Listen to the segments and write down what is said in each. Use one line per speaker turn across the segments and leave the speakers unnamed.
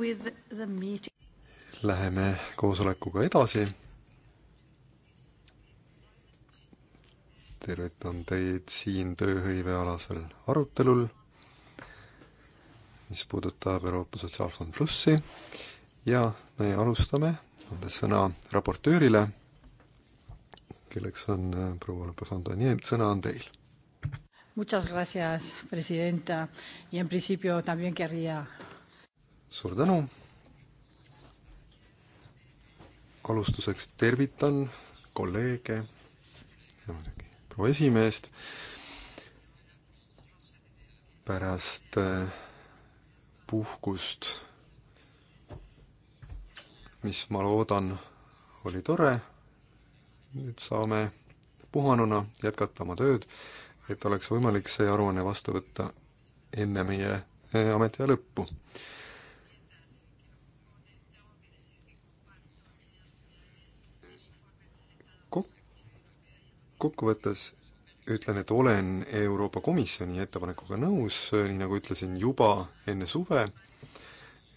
with the meeting.
Läheme koosolekuga edasi. tervitan teid siin tööhõivealasel arutelul, mis puudutab Euroopa Sotsiaalfond Plussi ja me alustame, andes sõna raportöörile, kelleks on äh, proua Lõpus-Ando, nii et sõna on teil
Muchas gracias, presidenta. Y en principio también querría
suur tänu. alustuseks tervitan kolleege ja muidugi proua esimeest. pärast eh, puhkust, mis ma loodan, oli tore. nüüd saame puhanuna jätkata oma tööd, et oleks võimalik see aruanne vastu võtta enne meie eh, ametiaja lõppu kokkuvõttes ütlen, et olen Euroopa Komisjoni ettepanekuga nõus, nii nagu ütlesin juba enne suve,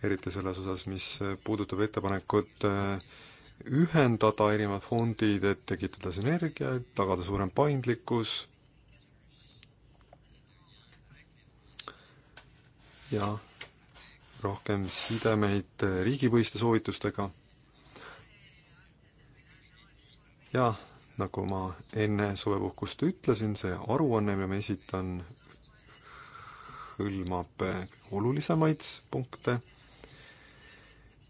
eriti selles osas, mis puudutab ettepanekut äh, ühendada erinevad fondid, et tekitada sünergiaid, tagada suurem paindlikkus ja rohkem sidemeid riigipõhiste soovitustega. jaa nagu ma enne suvepuhkust ütlesin, see aruanne, mille ma esitan, hõlmab olulisemaid punkte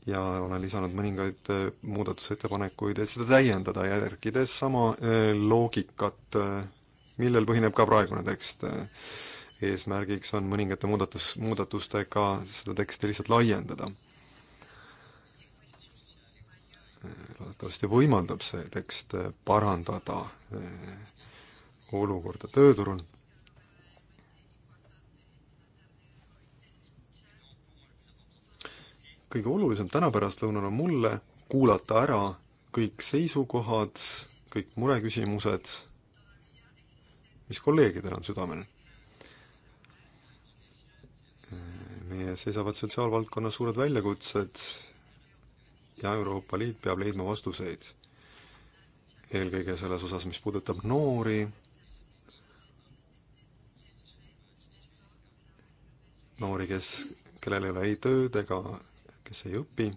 ja olen lisanud mõningaid äh, muudatusettepanekuid, et seda täiendada, järgides sama äh, loogikat, äh, millel põhineb ka praegune tekst. eesmärgiks on mõningate muudatus, muudatustega seda teksti lihtsalt laiendada loodetavasti võimaldab see tekst parandada eh, olukorda tööturul. kõige olulisem täna pärastlõunal on mulle kuulata ära kõik seisukohad, kõik mureküsimused, mis kolleegidel on südamel eh, meie seisavad sotsiaalvaldkonnas suured väljakutsed ja Euroopa Liit peab leidma vastuseid. eelkõige selles osas, mis puudutab noori, noori, kes, kellel ei ole ei tööd ega kes ei õpi.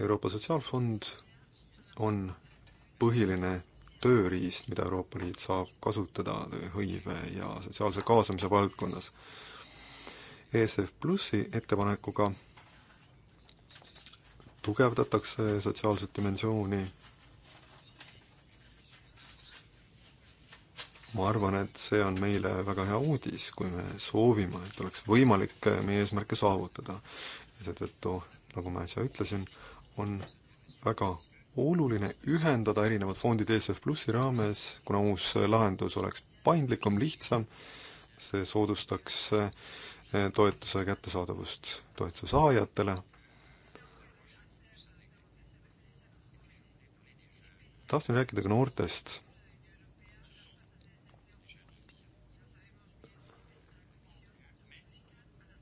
Euroopa Sotsiaalfond on põhiline tööriist, mida Euroopa Liit saab kasutada hõive ja sotsiaalse kaasamise valdkonnas. ESF Plussi ettepanekuga tugevdatakse sotsiaalset dimensiooni. ma arvan, et see on meile väga hea uudis, kui me soovime, et oleks võimalik meie eesmärke saavutada. seetõttu, nagu ma äsja ütlesin, on väga oluline ühendada erinevad fondid ESF Plussi raames, kuna uus lahendus oleks paindlikum, lihtsam, see soodustaks eh, toetuse kättesaadavust toetuse saajatele tahtsin rääkida ka noortest.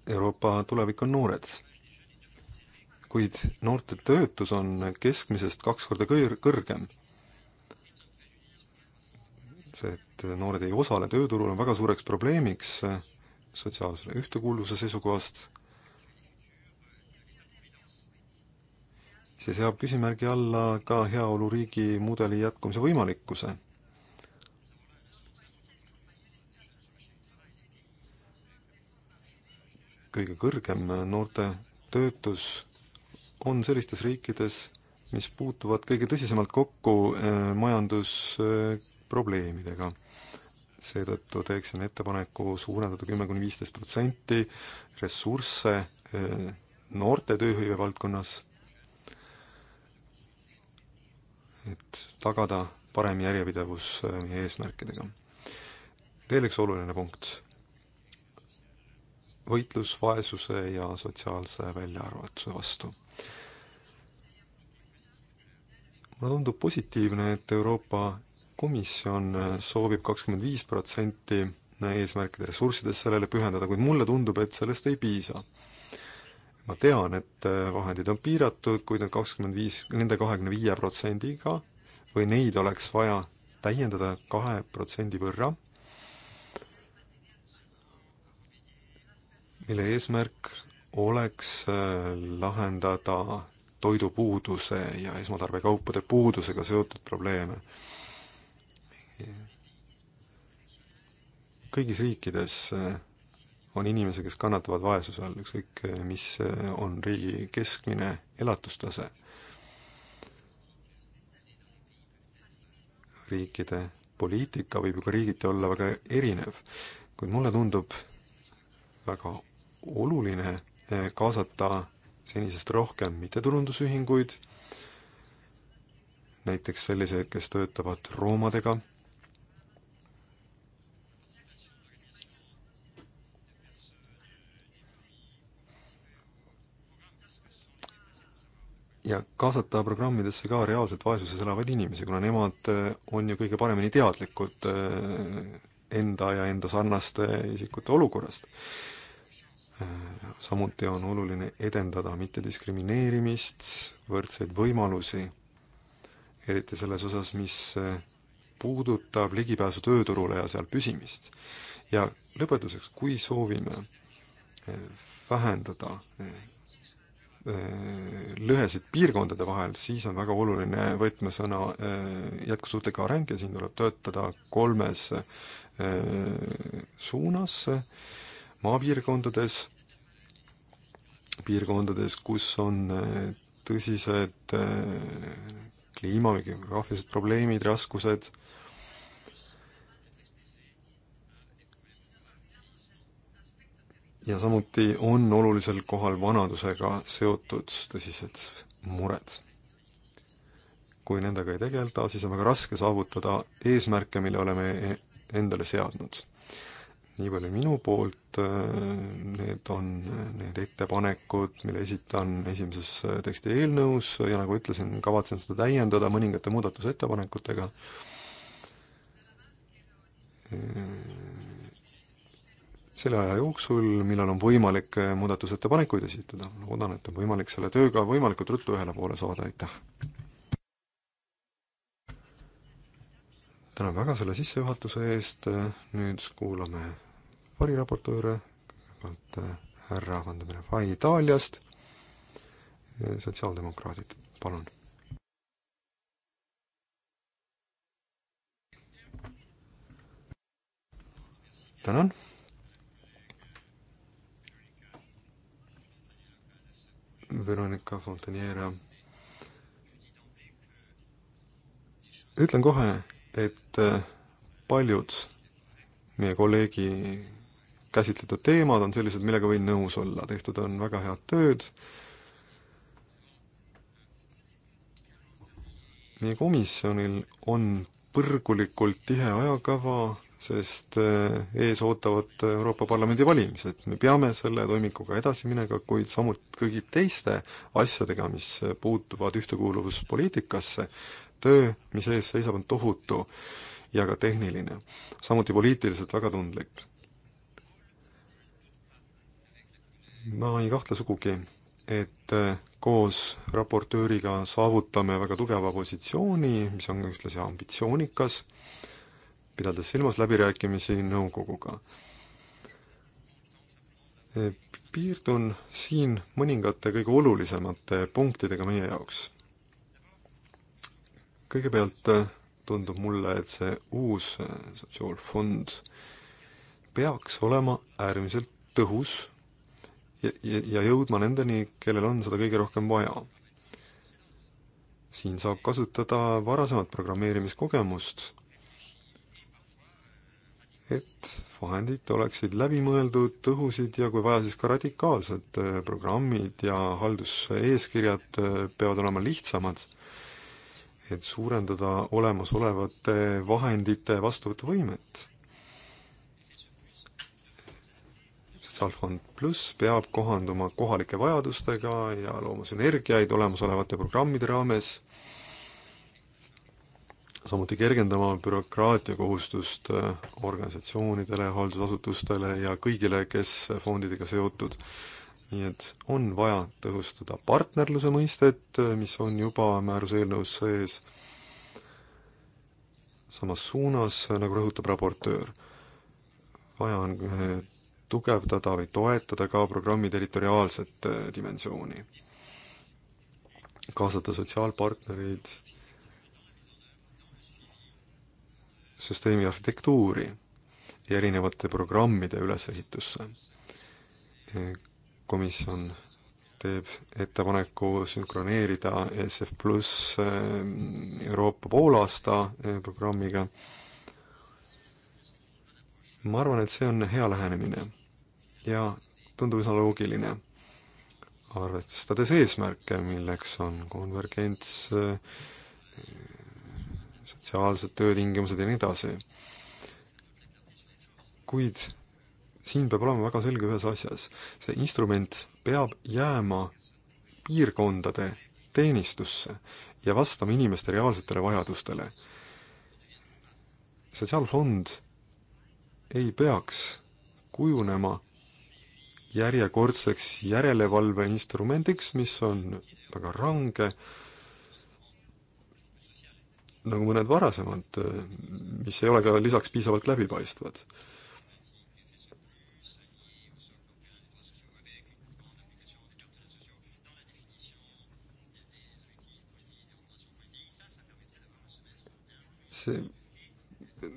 Euroopa tulevik on noored. kuid noorte töötus on keskmisest kaks korda kõr-, kõrgem. see, et noored ei osale tööturul, on väga suureks probleemiks sotsiaalse ühtekuuluvuse seisukohast see seab küsimärgi alla ka heaoluriigi mudeli jätkumise võimalikkuse. kõige kõrgem noorte töötus on sellistes riikides, mis puutuvad kõige tõsisemalt kokku eh, majandusprobleemidega. seetõttu teeksin ettepaneku suurendada kümme kuni viisteist protsenti ressursse eh, noorte tööhõive valdkonnas et tagada parem järjepidevus äh, meie eesmärkidega. veel üks oluline punkt, võitlus vaesuse ja sotsiaalse väljaarvatuse vastu. mulle tundub positiivne, et Euroopa Komisjon äh, soovib kakskümmend viis protsenti eesmärkide ressurssidest sellele pühendada, kuid mulle tundub, et sellest ei piisa ma tean, et äh, vahendid on piiratud, kuid need kakskümmend viis, nende kahekümne viie protsendiga või neid oleks vaja täiendada kahe protsendi võrra, mille eesmärk oleks äh, lahendada toidupuuduse ja esmatarbekaupade puudusega seotud probleeme. kõigis riikides äh, on inimesi, kes kannatavad vaesuse all, ükskõik eh, mis eh, on riigi keskmine elatustase. riikide poliitika võib ju ka riigiti olla väga erinev, kuid mulle tundub väga oluline eh, kaasata senisest rohkem mittetulundusühinguid, näiteks selliseid, kes töötavad roomadega ja kaasata programmidesse ka reaalselt vaesuses elavaid inimesi, kuna nemad eh, on ju kõige paremini teadlikud eh, enda ja enda sarnaste isikute olukorrast. Eh, samuti on oluline edendada mittediskrimineerimist, võrdseid võimalusi, eriti selles osas, mis puudutab ligipääsu tööturule ja seal püsimist. ja lõpetuseks, kui soovime vähendada Äh, lõhesid piirkondade vahel, siis on väga oluline võtmesõna äh, jätkusuutlik areng ja siin tuleb töötada kolmes äh, suunas, maapiirkondades, piirkondades, kus on tõsised kliima- või geograafilised probleemid, raskused, ja samuti on olulisel kohal vanadusega seotud tõsised mured. kui nendega ei tegeleta, siis on väga raske saavutada eesmärke, mille oleme e-, endale seadnud. nii palju minu poolt, äh, need on need ettepanekud, mille esitan esimeses äh, teksti eelnõus ja nagu ütlesin, kavatsen seda täiendada mõningate muudatusettepanekutega äh, selle aja jooksul, millal on võimalik eh, muudatusettepanekuid esitada. loodan, et on võimalik selle tööga võimalikult ruttu ühele poole saada, aitäh! tänan väga selle sissejuhatuse eest, nüüd kuulame variraportööre, kõigepealt eh, härra Vandemine Fai Itaaliast, eh, sotsiaaldemokraadid, palun tänan Veronika Fontaniera. ütlen kohe, et äh, paljud meie kolleegi käsitletud teemad on sellised, millega võin nõus olla, tehtud on väga head tööd. meie komisjonil on põrgulikult tihe ajakava sest eh, ees ootavad Euroopa Parlamendi valimised. me peame selle toimikuga edasi minema, kuid samuti kõigi teiste asjadega, mis puutuvad ühtekuuluvuspoliitikasse, töö, mis ees seisab, on tohutu ja ka tehniline, samuti poliitiliselt väga tundlik. ma ei kahtle sugugi, et eh, koos raportööriga saavutame väga tugeva positsiooni, mis on ühtlasi ambitsioonikas, pidades silmas läbirääkimisi nõukoguga. E, piirdun siin mõningate kõige olulisemate punktidega meie jaoks. kõigepealt e, tundub mulle, et see uus e, sotsiaalfond peaks olema äärmiselt tõhus ja, ja, ja jõudma nendeni, kellel on seda kõige rohkem vaja. siin saab kasutada varasemat programmeerimiskogemust et vahendid oleksid läbimõeldud, tõhusid ja kui vaja, siis ka radikaalsed. Äh, programmid ja halduseeskirjad äh, peavad olema lihtsamad, et suurendada olemasolevate vahendite vastuvõtuvõimet Alfond pluss peab kohanduma kohalike vajadustega ja looma sünergiaid olemasolevate programmide raames samuti kergendama bürokraatia kohustust äh, organisatsioonidele, haldusasutustele ja kõigile, kes fondidega seotud. nii et on vaja tõhustada partnerluse mõistet, äh, mis on juba määruse eelnõus sees, samas suunas, äh, nagu rõhutab raportöör. vaja on tugevdada või toetada ka programmi territoriaalset dimensiooni, kaasata sotsiaalpartnereid süsteemi arhitektuuri ja erinevate programmide ülesehitusse. komisjon teeb ettepaneku sünkroneerida ESF pluss eh, Euroopa poolaasta eh, programmiga. ma arvan, et see on hea lähenemine ja tundub üsna loogiline, arvestades eesmärke, milleks on konvergents, eh, sotsiaalsed töötingimused ja nii edasi. kuid siin peab olema väga selge ühes asjas, see instrument peab jääma piirkondade teenistusse ja vastama inimeste reaalsetele vajadustele. sotsiaalfond ei peaks kujunema järjekordseks järelevalveinstrumendiks, mis on väga range, nagu mõned varasemad, mis ei ole ka lisaks piisavalt läbipaistvad. see,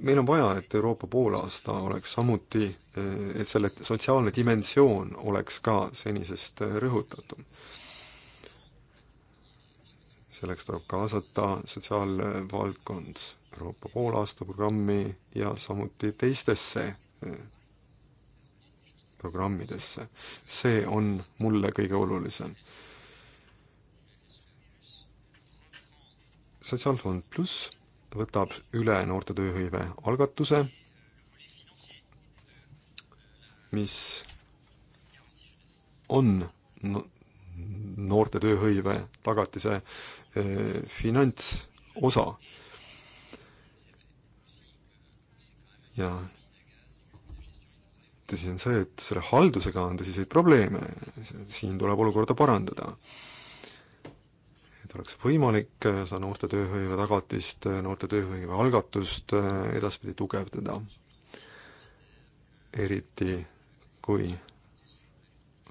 meil on vaja, et Euroopa poolaasta oleks samuti, et selle sotsiaalne dimensioon oleks ka senisest rõhutatum selleks tuleb kaasata sotsiaalvaldkond Euroopa poolaastaprogrammi ja samuti teistesse eh, programmidesse. see on mulle kõige olulisem. sotsiaalfond pluss võtab üle noorte tööhõive algatuse, mis on noorte tööhõive tagatise finantsosa. ja tõsi on see, et selle haldusega on tõsiseid probleeme, siin tuleb olukorda parandada. et oleks võimalik seda noorte tööhõive tagatist, noorte tööhõive algatust edaspidi tugevdada. eriti kui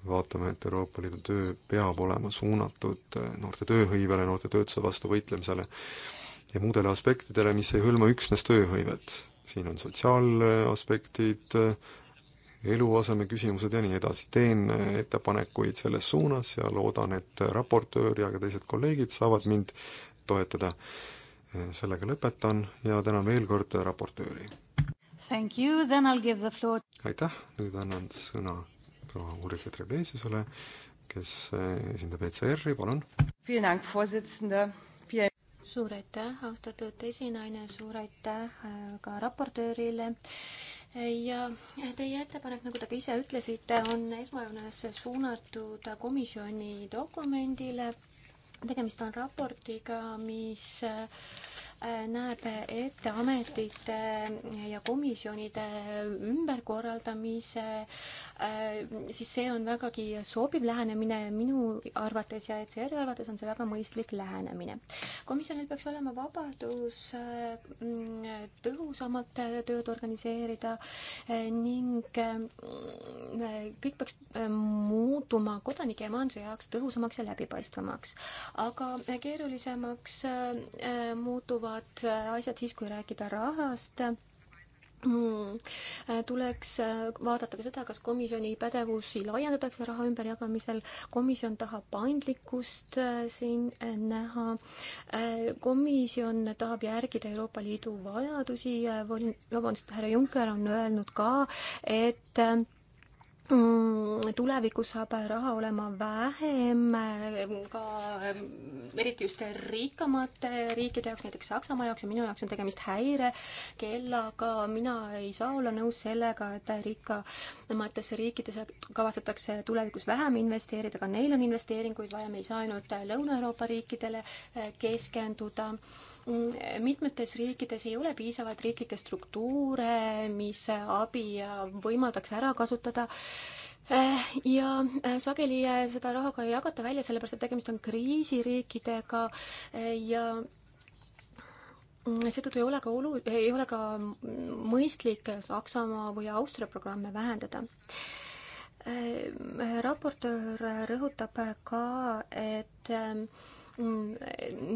vaatame, et Euroopa Liidu töö peab olema suunatud eh, noorte tööhõivele, noorte töötuse vastu võitlemisele ja muudele aspektidele, mis ei hõlma üksnes tööhõivet. siin on sotsiaalaspektid, eh, eluaseme küsimused ja nii edasi. teen eh, ettepanekuid selles suunas ja loodan, et raportöör ja ka teised kolleegid saavad mind toetada. sellega lõpetan ja tänan veel kord raportööri. aitäh, nüüd annan sõna proua Ulrike Trebesiusele, kes eh, esindab ECR-i, palun.
suur aitäh, austatud esinaine, suur aitäh äh, ka raportöörile ja teie ettepanek, nagu te ka ise ütlesite, on esmajoones suunatud komisjoni dokumendile. tegemist on raportiga, mis äh, näeb ette ametite ja komisjonide ümberkorraldamise, siis see on vägagi sobiv lähenemine minu arvates ja ECR-i arvates on see väga mõistlik lähenemine. komisjonil peaks olema vabadus mm, tõhusamalt tööd organiseerida ning mm, kõik peaks mm, muutuma kodanike ja majanduse jaoks tõhusamaks ja läbipaistvamaks. aga keerulisemaks muutuvad toimuvad asjad siis, kui rääkida rahast Hmm. tuleks äh, vaadata ka seda, kas komisjoni pädevusi laiendatakse raha ümberjagamisel. komisjon tahab paindlikkust äh, siin näha. komisjon tahab järgida Euroopa Liidu vajadusi. vabandust, härra Juncker on öelnud ka, et Mm, tulevikus saab raha olema vähem mm, ka mm, eriti just rikkamate riikide jaoks, näiteks Saksamaa jaoks ja minu jaoks on tegemist häirekellaga. mina ei saa olla nõus sellega, et rikkamates riikides kavatsetakse tulevikus vähem investeerida, ka neil on investeeringuid vaja, me ei saa ainult Lõuna-Euroopa riikidele eh, keskenduda Mm, mitmetes riikides ei ole piisavalt riiklikke struktuure, mis abi võimaldaks ära kasutada äh, ja äh, sageli äh, seda raha ka ei jagata välja, sellepärast et tegemist on kriisiriikidega ja mm, seetõttu ei ole ka olu-, ei ole ka mõistlik Saksamaa või Austria programme vähendada. raportöör rõhutab ka, et Mm,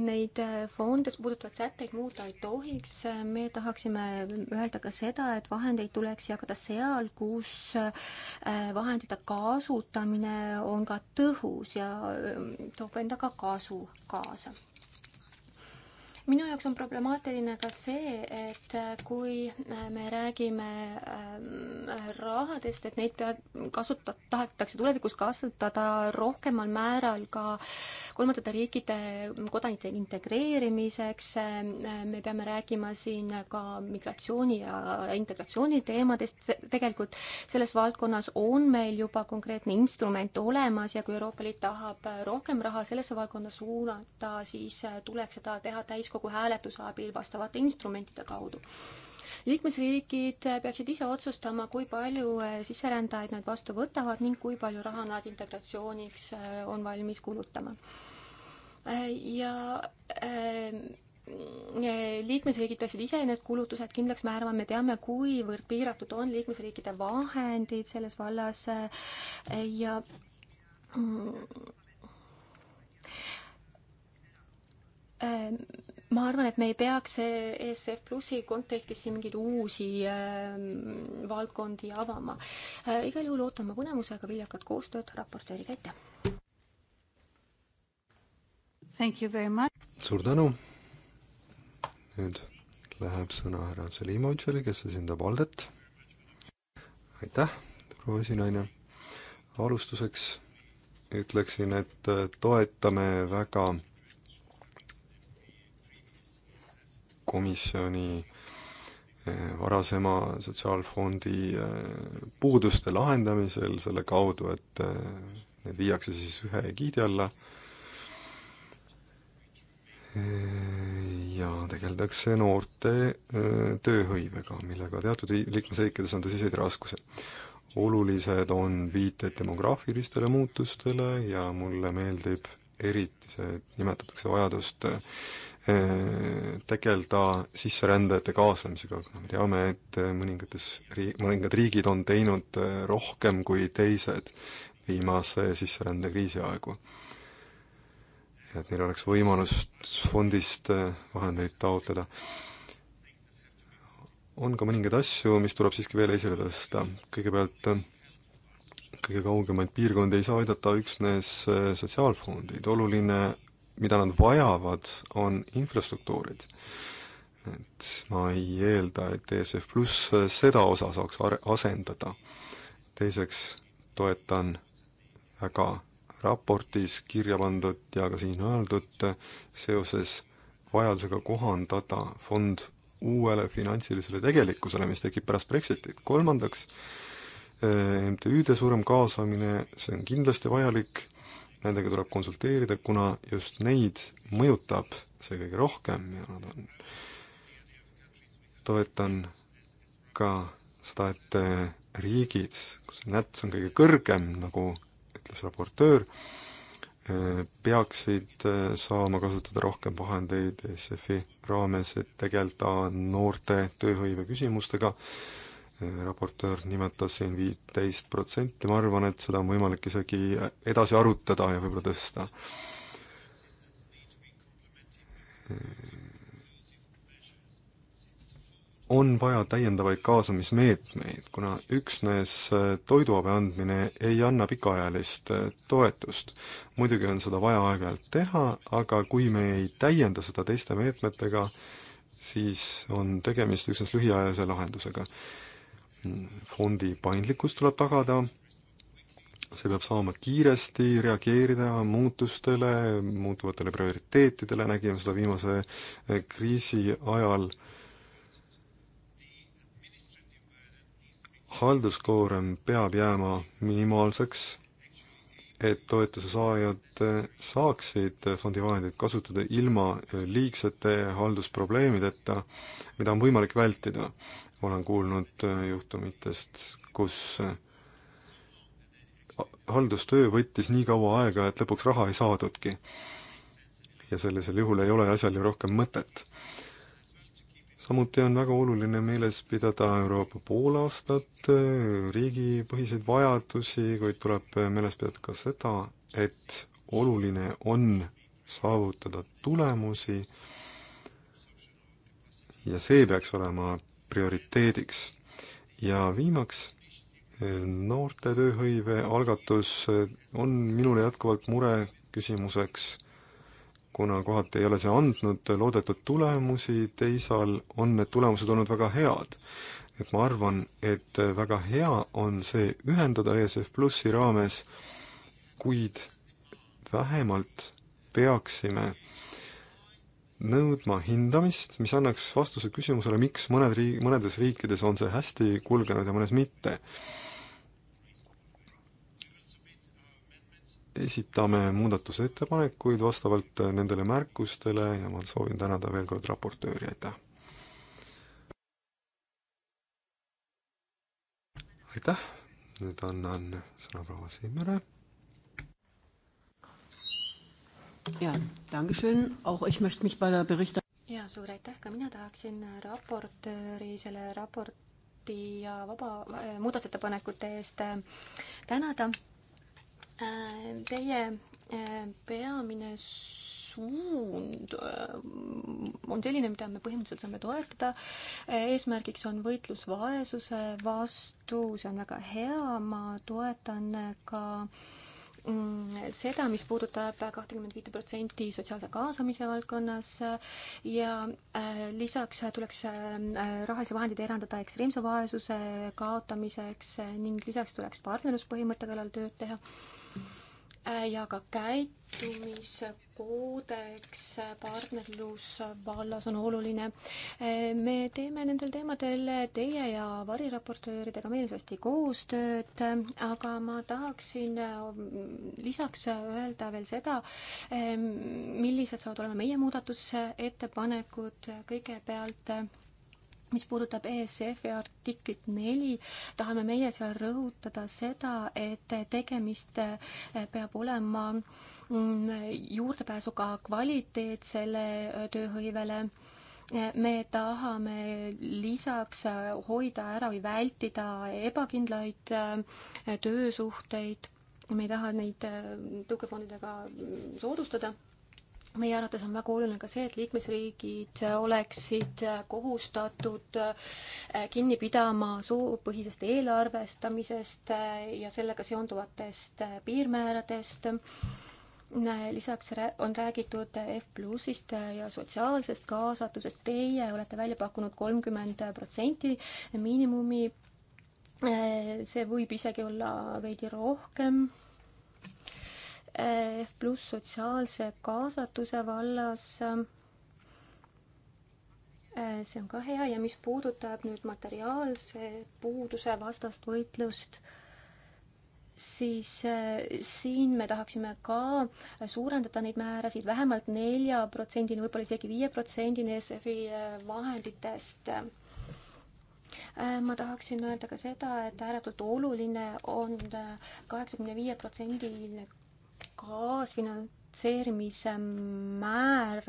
neid äh, fonde puudutavaid sätteid muuta ei tohiks. me tahaksime öelda ka seda, et vahendeid tuleks jagada seal, kus äh, vahendite kasutamine on ka tõhus ja äh, toob endaga kasu kaasa minu jaoks on problemaatiline ka see, et kui me räägime ähm, rahadest, et neid pead-, kasuta-, tahetakse tulevikus kasutada rohkemal määral ka kolmandate riikide kodanike integreerimiseks, ähm, me peame rääkima siin ka migratsiooni ja integratsiooni teemadest, tegelikult selles valdkonnas on meil juba konkreetne instrument olemas ja kui Euroopa Liit tahab rohkem raha sellesse valdkonda suunata, siis tuleks seda teha täiskogu täiskogu hääletuse abil vastavate instrumentide kaudu. liikmesriigid peaksid ise otsustama, kui palju eh, sisserändajaid nad vastu võtavad ning kui palju raha nad integratsiooniks eh, on valmis kulutama. Eh, ja liikmesriigid peaksid ise need kulutused kindlaks määrama, me teame, kuivõrd piiratud on liikmesriikide vahendid selles vallas ja mm, ma arvan, et me ei peaks ESF Plussi kontekstis siin mingeid uusi äh, valdkondi avama äh,. igal juhul ootan ma põnevusega viljakat koostööd raportööriga, aitäh! Thank
you very much!
suur tänu! nüüd läheb sõna härra Selimovitšile, kes esindab Aldet. aitäh, proua esinaine! alustuseks ütleksin, et toetame väga komisjoni eh, varasema sotsiaalfondi eh, puuduste lahendamisel selle kaudu, et eh, need viiakse siis ühe egiidi alla ja tegeldakse noorte tööhõivega, millega teatud liikmesriikides on tõsiseid raskusi. olulised on viited demograafilistele muutustele ja mulle meeldib eriti see, et nimetatakse vajadust tegeleda sisserändajate kaasamisega, me teame, et mõningates riik, mõningad riigid on teinud äh, rohkem kui teised viimase sisserändekriisi aegu. et neil oleks võimalus fondist äh, vahendeid taotleda. on ka mõningaid asju, mis tuleb siiski veel esile tõsta, kõigepealt äh, kõige kaugemaid piirkondi ei saa aidata üksnes sotsiaalfondid, oluline mida nad vajavad, on infrastruktuurid. et ma ei eelda, et ESF pluss seda osa saaks ar-, asendada. teiseks toetan väga raportis kirja pandud ja ka siin öeldud seoses vajadusega kohandada fond uuele finantsilisele tegelikkusele, mis tekib pärast Brexitit. kolmandaks, MTÜ-de suurem kaasamine, see on kindlasti vajalik nendega tuleb konsulteerida, kuna just neid mõjutab see kõige rohkem ja nad on, toetan ka seda, et eh, riigid, kus näts on kõige kõrgem, nagu ütles raportöör, eh, peaksid eh, saama kasutada rohkem vahendeid ESF-i raames, et tegeleda noorte tööhõive küsimustega, raportöör nimetas siin viiteist protsenti, ma arvan, et seda on võimalik isegi edasi arutada ja võib-olla tõsta. on vaja täiendavaid kaasamismeetmeid, kuna üksnes toiduabi andmine ei anna pikaajalist toetust. muidugi on seda vaja aeg-ajalt teha, aga kui me ei täienda seda teiste meetmetega, siis on tegemist üksnes lühiajalise lahendusega fondi paindlikkus tuleb tagada, see peab saama kiiresti reageerida muutustele, muutuvatele prioriteetidele, nägime seda viimase eh, kriisi ajal. halduskoorem peab jääma minimaalseks, et toetuse saajad eh, saaksid fondivahendeid kasutada ilma eh, liigsete haldusprobleemideta, mida on võimalik vältida olen kuulnud äh, juhtumitest, kus äh, haldustöö võttis nii kaua aega, et lõpuks raha ei saadudki. ja sellisel juhul ei ole asjal ju rohkem mõtet. samuti on väga oluline meeles pidada Euroopa poolaastat, äh, riigipõhiseid vajadusi, kuid tuleb meeles pidada ka seda, et oluline on saavutada tulemusi ja see peaks olema prioriteediks. ja viimaks, eh, noorte tööhõive algatus eh, on minule jätkuvalt mure küsimuseks, kuna kohati ei ole see andnud loodetud tulemusi, teisal on need tulemused olnud väga head. et ma arvan, et väga hea on see ühendada ESF Plussi raames, kuid vähemalt peaksime nõudma hindamist, mis annaks vastuse küsimusele, miks mõned riik, mõnedes riikides on see hästi kulgenud ja mõnes mitte. esitame muudatusettepanekuid vastavalt nendele märkustele ja ma soovin tänada veel kord raportööri, aitäh! aitäh, nüüd annan sõna proua Simmele
ja,
ja suur aitäh, ka mina tahaksin raportööri selle raporti ja vaba äh, muudatusettepanekute eest äh, tänada äh,. Teie äh, peamine suund äh, on selline, mida me põhimõtteliselt saame toetada. Äh, eesmärgiks on võitlus vaesuse vastu, see on väga hea, ma toetan ka äh, Mm, seda, mis puudutab kahtekümmet viite protsenti sotsiaalse kaasamise valdkonnas ja äh, lisaks tuleks äh, rahalisi vahendeid erandada ekstreemse vaesuse kaotamiseks ning lisaks tuleks partnerluspõhimõtte kallal tööd teha ja ka käitumiskoodeks partnerlusvallas on oluline. me teeme nendel teemadel teie ja variraportööridega meelsasti koostööd, aga ma tahaksin lisaks öelda veel seda, millised saavad olema meie muudatusettepanekud kõigepealt mis puudutab ESF-i artiklit neli, tahame meie seal rõhutada seda, et tegemist eh, peab olema mm, juurdepääsuga kvaliteetsele eh, tööhõivele. Eh, me tahame lisaks hoida ära või vältida ebakindlaid töösuhteid, me ei taha neid tõukefondidega mm, soodustada meie arvates on väga oluline ka see, et liikmesriigid oleksid kohustatud äh, kinni pidama soopõhisest eelarvestamisest äh, ja sellega seonduvatest äh, piirmääradest. lisaks on räägitud F plussist ja sotsiaalsest kaasatusest. Teie olete välja pakkunud kolmkümmend protsenti miinimumi. see võib isegi olla veidi rohkem EF pluss sotsiaalse kaasatuse vallas. Äh, see on ka hea ja mis puudutab nüüd materiaalse puuduse vastast võitlust, siis äh, siin me tahaksime ka suurendada neid määrasid vähemalt nelja protsendini, võib-olla isegi viie protsendini SEFi äh, vahenditest ma tahaksin öelda ka seda, et ääretult oluline on kaheksakümne viie protsendiline kaasfinantseerimise määr,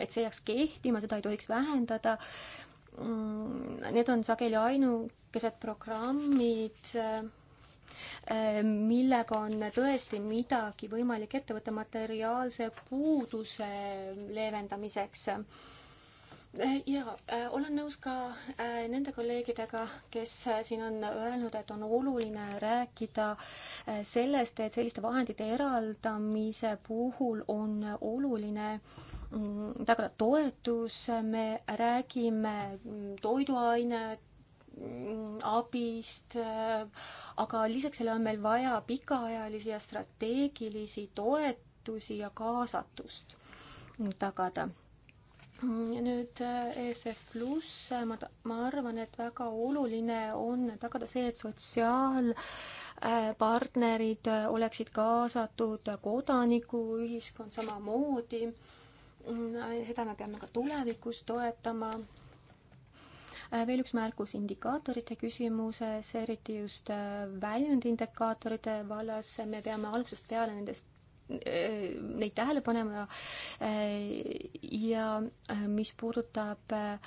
et see jääks kehtima, seda ei tohiks vähendada. Mm, need on sageli ainukesed programmid, eh, millega on tõesti midagi võimalik ette võtta materiaalse puuduse leevendamiseks Äh, ja äh, olen nõus ka äh, nende kolleegidega, kes siin on öelnud, et on oluline rääkida sellest, et selliste vahendite eraldamise puhul on oluline mm, tagada toetus, me räägime mm, toiduained, mm, abist, aga lisaks sellele on meil vaja pikaajalisi ja strateegilisi toetusi ja kaasatust tagada Mm, nüüd äh, ESF pluss, äh, ma, ma arvan, et väga oluline on tagada see, et sotsiaalpartnerid äh, oleksid kaasatud, kodanikuühiskond samamoodi. Mm, seda me peame ka tulevikus toetama veel üks märkus indikaatorite küsimuses, eriti just väljundindikaatorite vallas, me peame algusest peale nendest neid tähele panema ja äh, mis puudutab äh,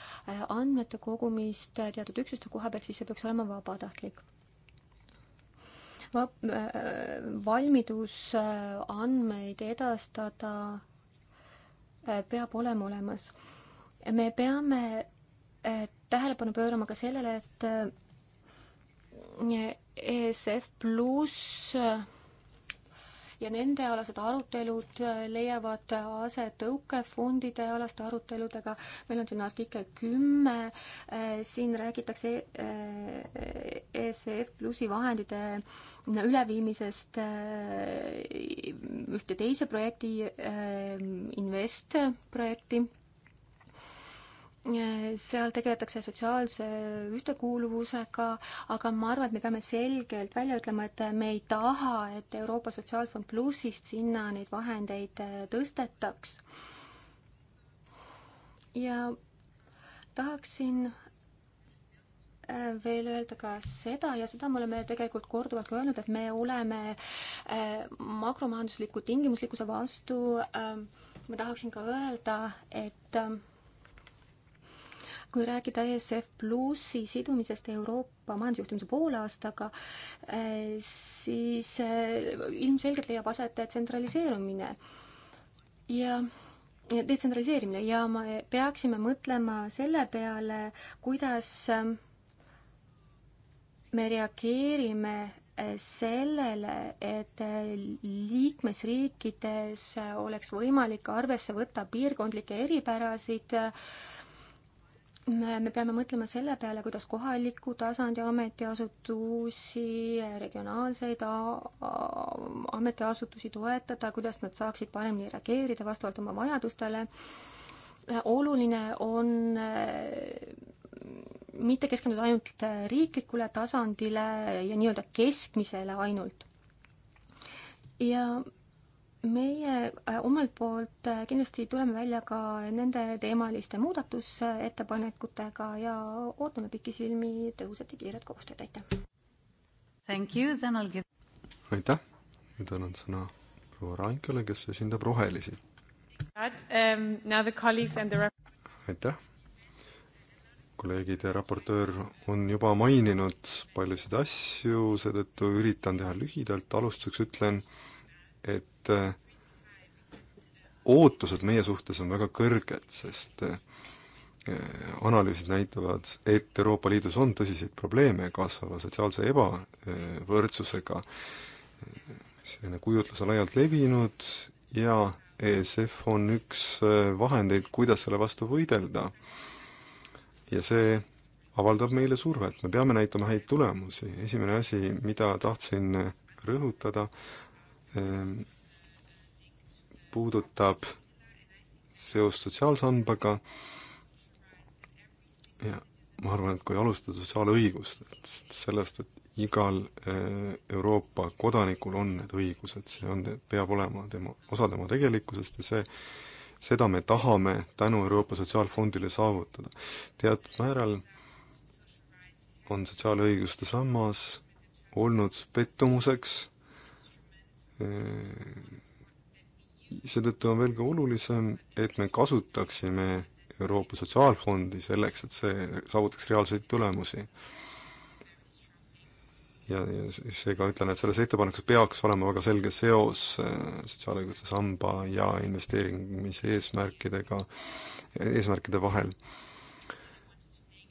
andmete kogumist teatud üksuste koha pealt, siis see peaks olema vabatahtlik Va-, äh, valmidus andmeid edastada peab olema olemas. me peame tähelepanu pöörama ka sellele, et ESF pluss ja nendealased arutelud äh, leiavad aset tõukefondide alaste aruteludega. meil on siin artikkel kümme, äh, siin räägitakse äh, ESF Plussi vahendite üleviimisest ühte teise projekti, Invest projekti seal tegeletakse sotsiaalse ühtekuuluvusega, aga ma arvan, et me peame selgelt välja ütlema, et me ei taha, et Euroopa Sotsiaalfond Plussist sinna neid vahendeid äh, tõstetaks. ja tahaksin äh, veel öelda ka seda ja seda me oleme tegelikult korduvalt ka öelnud, et me oleme äh, makromajandusliku tingimuslikkuse vastu. ma tahaksin ka öelda, et kui rääkida ESF Plussi sidumisest Euroopa majandusjuhtimise poolaastaga, eh, siis eh, ilmselgelt leiab aset tsentraliseerumine ja detsentraliseerimine ja me peaksime mõtlema selle peale, kuidas eh, me reageerime sellele, et liikmesriikides oleks võimalik arvesse võtta piirkondlikke eripärasid äh, me peame mõtlema selle peale, kuidas kohaliku tasandi ametiasutusi, regionaalseid ametiasutusi toetada, kuidas nad saaksid paremini reageerida vastavalt oma vajadustele. oluline on eh, mitte keskenduda ainult riiklikule tasandile ja nii-öelda keskmisele ainult. ja meie äh, omalt poolt äh, kindlasti tuleme välja ka nende teemaliste muudatusettepanekutega ja ootame pikisilmi tõhusat ja kiiret koostööd, aitäh!
Thank you, then I'll give
aitäh! nüüd annan sõna proua Raankule, kes esindab Rohelisi.
Um,
aitäh! kolleegid ja raportöör on juba maininud paljusid asju, seetõttu üritan teha lühidalt, alustuseks ütlen, et äh, ootused meie suhtes on väga kõrged, sest äh, analüüsid näitavad, et Euroopa Liidus on tõsiseid probleeme kasvava sotsiaalse ebavõrdsusega, selline kujutlus on laialt levinud ja ESF on üks äh, vahendeid, kuidas selle vastu võidelda. ja see avaldab meile survet, me peame näitama häid tulemusi, esimene asi, mida tahtsin rõhutada, Ehm, puudutab seost sotsiaalsambaga ja ma arvan, et kui alustada sotsiaalõigust, et sellest, et igal eh, Euroopa kodanikul on need õigused, see on, peab olema tema, osa tema tegelikkusest ja see, seda me tahame tänu Euroopa Sotsiaalfondile saavutada. teatud määral on sotsiaalõiguste sammas olnud pettumuseks Ehm, seetõttu on veelgi olulisem, et me kasutaksime Euroopa Sotsiaalfondi selleks, et see saavutaks reaalseid tulemusi. ja, ja seega ütlen, et selles ettepanekus peaks olema väga selge seos äh, sotsiaalõiguste samba ja investeerimise eesmärkidega, eesmärkide vahel.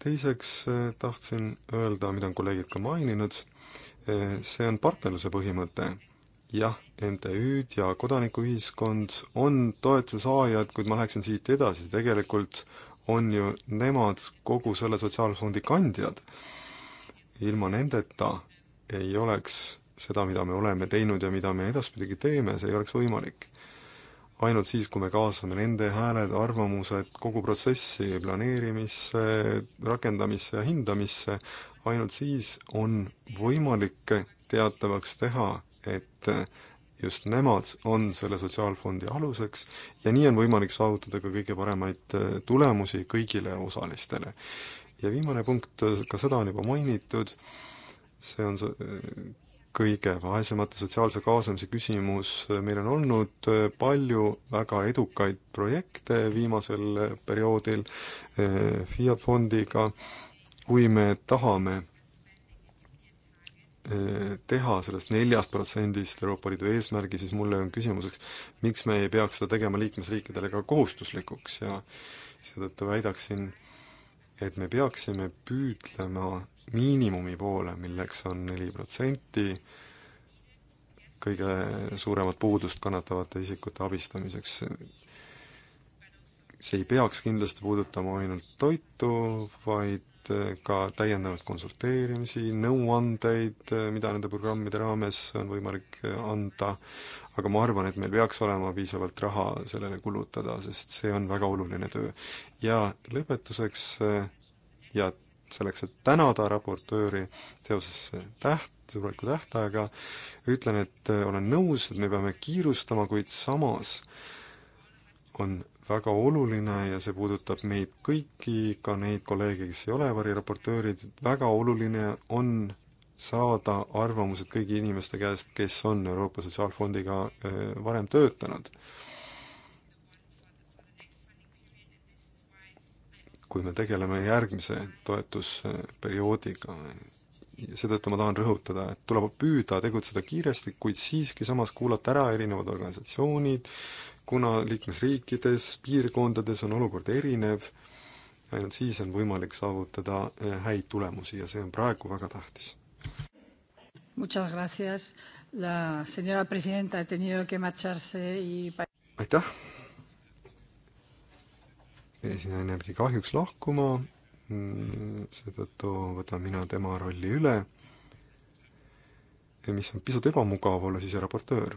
teiseks äh, tahtsin öelda, mida on kolleegid ka maininud, äh, see on partnerluse põhimõte jah, MTÜ-d ja kodanikuühiskond on toetuse saajad, kuid ma läheksin siit edasi, tegelikult on ju nemad kogu selle sotsiaalfondi kandjad. ilma nendeta ei oleks seda, mida me oleme teinud ja mida me edaspidigi teeme, see ei oleks võimalik. ainult siis, kui me kaasame nende hääled, arvamused kogu protsessi planeerimisse, rakendamisse ja hindamisse, ainult siis on võimalik teatavaks teha et eh, just nemad on selle sotsiaalfondi aluseks ja nii on võimalik saavutada ka kõige paremaid eh, tulemusi kõigile osalistele. ja viimane punkt, eh, ka seda on juba mainitud, see on kõige vaesemate sotsiaalse kaasamise küsimus, meil on olnud palju väga edukaid projekte viimasel perioodil FIA fondiga, kui me tahame Äh, teha sellest neljast protsendist Euroopa Liidu eesmärgi, siis mulle on küsimuseks, miks me ei peaks seda tegema liikmesriikidele ka kohustuslikuks ja seetõttu väidaksin, et me peaksime püüdlema miinimumi poole, milleks on neli protsenti kõige suuremat puudust kannatavate isikute abistamiseks. see ei peaks kindlasti puudutama ainult toitu, vaid Eh, ka täiendavaid konsulteerimisi, nõuandeid, eh, mida nende programmide raames on võimalik eh, anda, aga ma arvan, et meil peaks olema piisavalt raha sellele kulutada, sest see on väga oluline töö. ja lõpetuseks ja selleks, et tänada raportööri seoses täht-, tuleku tähtajaga, ütlen, et olen nõus, et me peame kiirustama, kuid samas on väga oluline ja see puudutab meid kõiki, ka neid kolleege, kes ei ole variraportöörid, väga oluline on saada arvamused kõigi inimeste käest, kes on Euroopa Sotsiaalfondiga äh, varem töötanud. kui me tegeleme järgmise toetusperioodiga, seetõttu ma tahan rõhutada, et tuleb püüda tegutseda kiiresti, kuid siiski samas kuulata ära erinevad organisatsioonid, kuna liikmesriikides, piirkondades on olukord erinev, ainult siis on võimalik saavutada eh, häid tulemusi ja see on praegu väga tähtis.
Muchas gracias. La señora presidenta ha tenido que marcharse y...
aitäh! esinaine pidi kahjuks lahkuma, mm, seetõttu võtan mina tema rolli üle, mis on pisut ebamugav, olles ise raportöör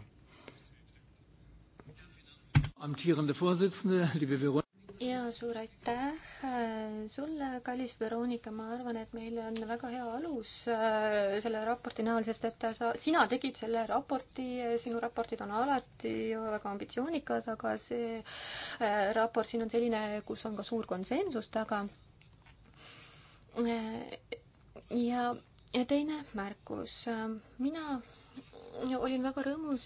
amtierende Vorsitzende, liebe Veronika.
ja suur aitäh äh, sulle, kallis Veronika, ma arvan, et meil on väga hea alus äh, selle raporti näol, sest et sa, sina tegid selle raporti, äh, sinu raportid on alati ju väga ambitsioonikad, aga see raport siin on selline, kus on ka suur konsensus taga. ja ja teine märkus. mina olin väga rõõmus,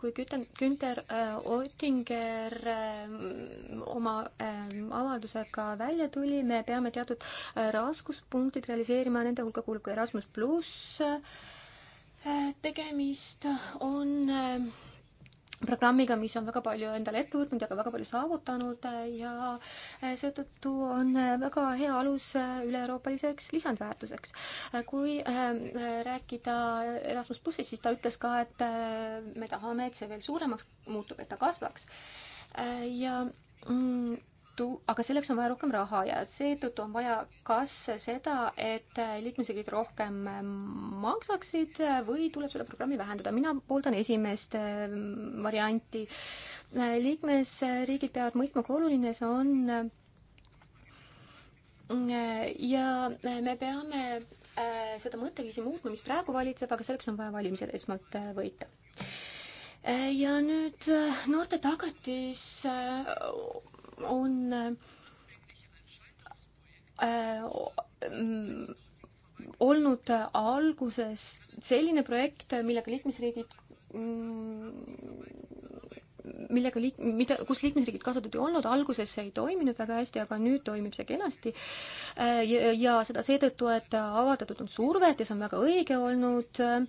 kui Güten-, Günter äh, Oettinger ähm, oma ähm, avaldusega välja tuli, me peame teatud äh, raskuspunktid realiseerima, nende hulka kuulub ka Erasmus pluss, äh, tegemist on ähm, programmiga, mis on väga palju endale ette võtnud ja ka väga palju saavutanud äh, ja äh, seetõttu on äh, väga hea alus üle-euroopaliseks lisandväärtuseks. kui rääkida Erasmus plussist, siis ta ütles ka, et me tahame, et see veel suuremaks muutub, et ta kasvaks ja mm, tu-, aga selleks on vaja rohkem raha ja seetõttu on vaja kas seda, et liikmesriigid rohkem maksaksid või tuleb seda programmi vähendada. mina pooldan esimest äh, varianti. Äh, liikmesriigid peavad mõistma, kui oluline see on. Äh, ja me peame seda mõtteviisi muutma, mis praegu valitseb, aga selleks on vaja valimised esmalt võita ja nüüd noorte tagatis on äh, olnud alguses selline projekt, millega liikmesriigid mm, millega liik-, mida, kus liikmesriigid kaasatud ei olnud, alguses see ei toiminud väga hästi, aga nüüd toimib see kenasti. Äh, ja seda seetõttu, et avaldatud on survet ja see on väga õige olnud. Äh,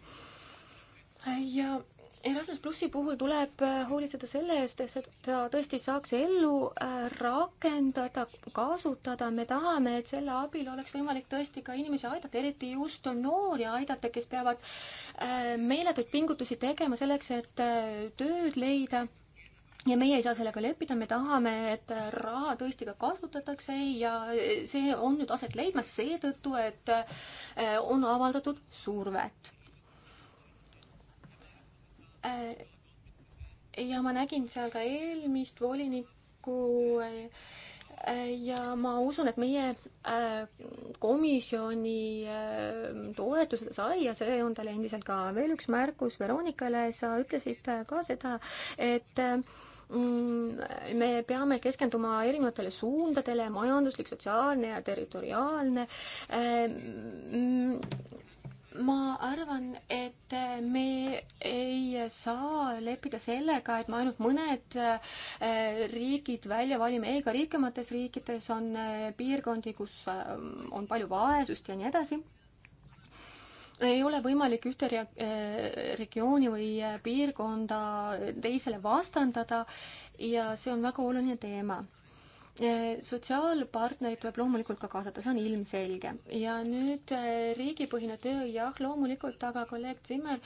ja Erasmus plussi puhul tuleb äh, hoolitseda selle eest, et seda tõesti saaks ellu äh, rakendada, kasutada, me tahame, et selle abil oleks võimalik tõesti ka inimesi aidata, eriti just noori aidata, kes peavad äh, meeletuid pingutusi tegema selleks, et tööd leida ja meie ei saa sellega leppida, me tahame, et raha tõesti ka kasutatakse ja see on nüüd aset leidmas seetõttu, et on avaldatud survet Äh, ja ma nägin seal ka eelmist volinikku äh, ja ma usun, et meie äh, komisjoni toetuse ta sai ja see on talle endiselt ka veel üks märkus Veronikale, sa ütlesid ka seda, et mm, me peame keskenduma erinevatele suundadele, majanduslik, sotsiaalne ja territoriaalne mm, ma arvan, et me ei saa leppida sellega, et me ainult mõned äh, riigid välja valime, ei ka rikkamates riikides on äh, piirkondi, kus äh, on palju vaesust ja nii edasi. ei ole võimalik ühte regiooni või piirkonda teisele vastandada ja see on väga oluline teema sotsiaalpartnerid tuleb loomulikult ka kaasata, see on ilmselge. ja nüüd äh, riigipõhine töö, jah, loomulikult, aga kolleeg Zimmer,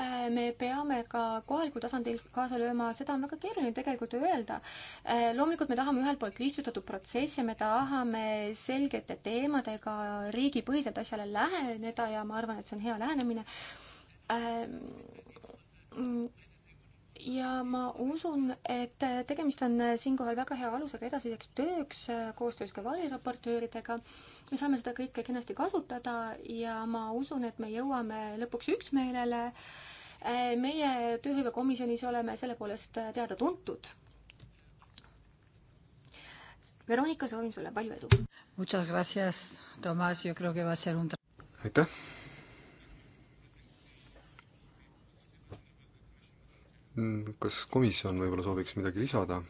äh, me peame ka kohalikul tasandil kaasa lööma, seda on väga keeruline tegelikult öelda. Äh, loomulikult me tahame ühelt poolt lihtsustatud protsessi, me tahame selgete teemadega riigipõhiselt asjale läheneda ja ma arvan, et see on hea lähenemine ja ma usun, et tegemist on äh, siinkohal väga hea alusega edasiseks tööks äh, koostöös ka variraportööridega. me saame seda kõike kenasti kasutada ja ma usun, et me jõuame lõpuks üksmeelele. Äh, meie tööhõivekomisjonis oleme selle poolest teada-tuntud. Veronika, soovin sulle palju edu!
aitäh! Mm, kas komisjon võib-olla sooviks midagi lisada?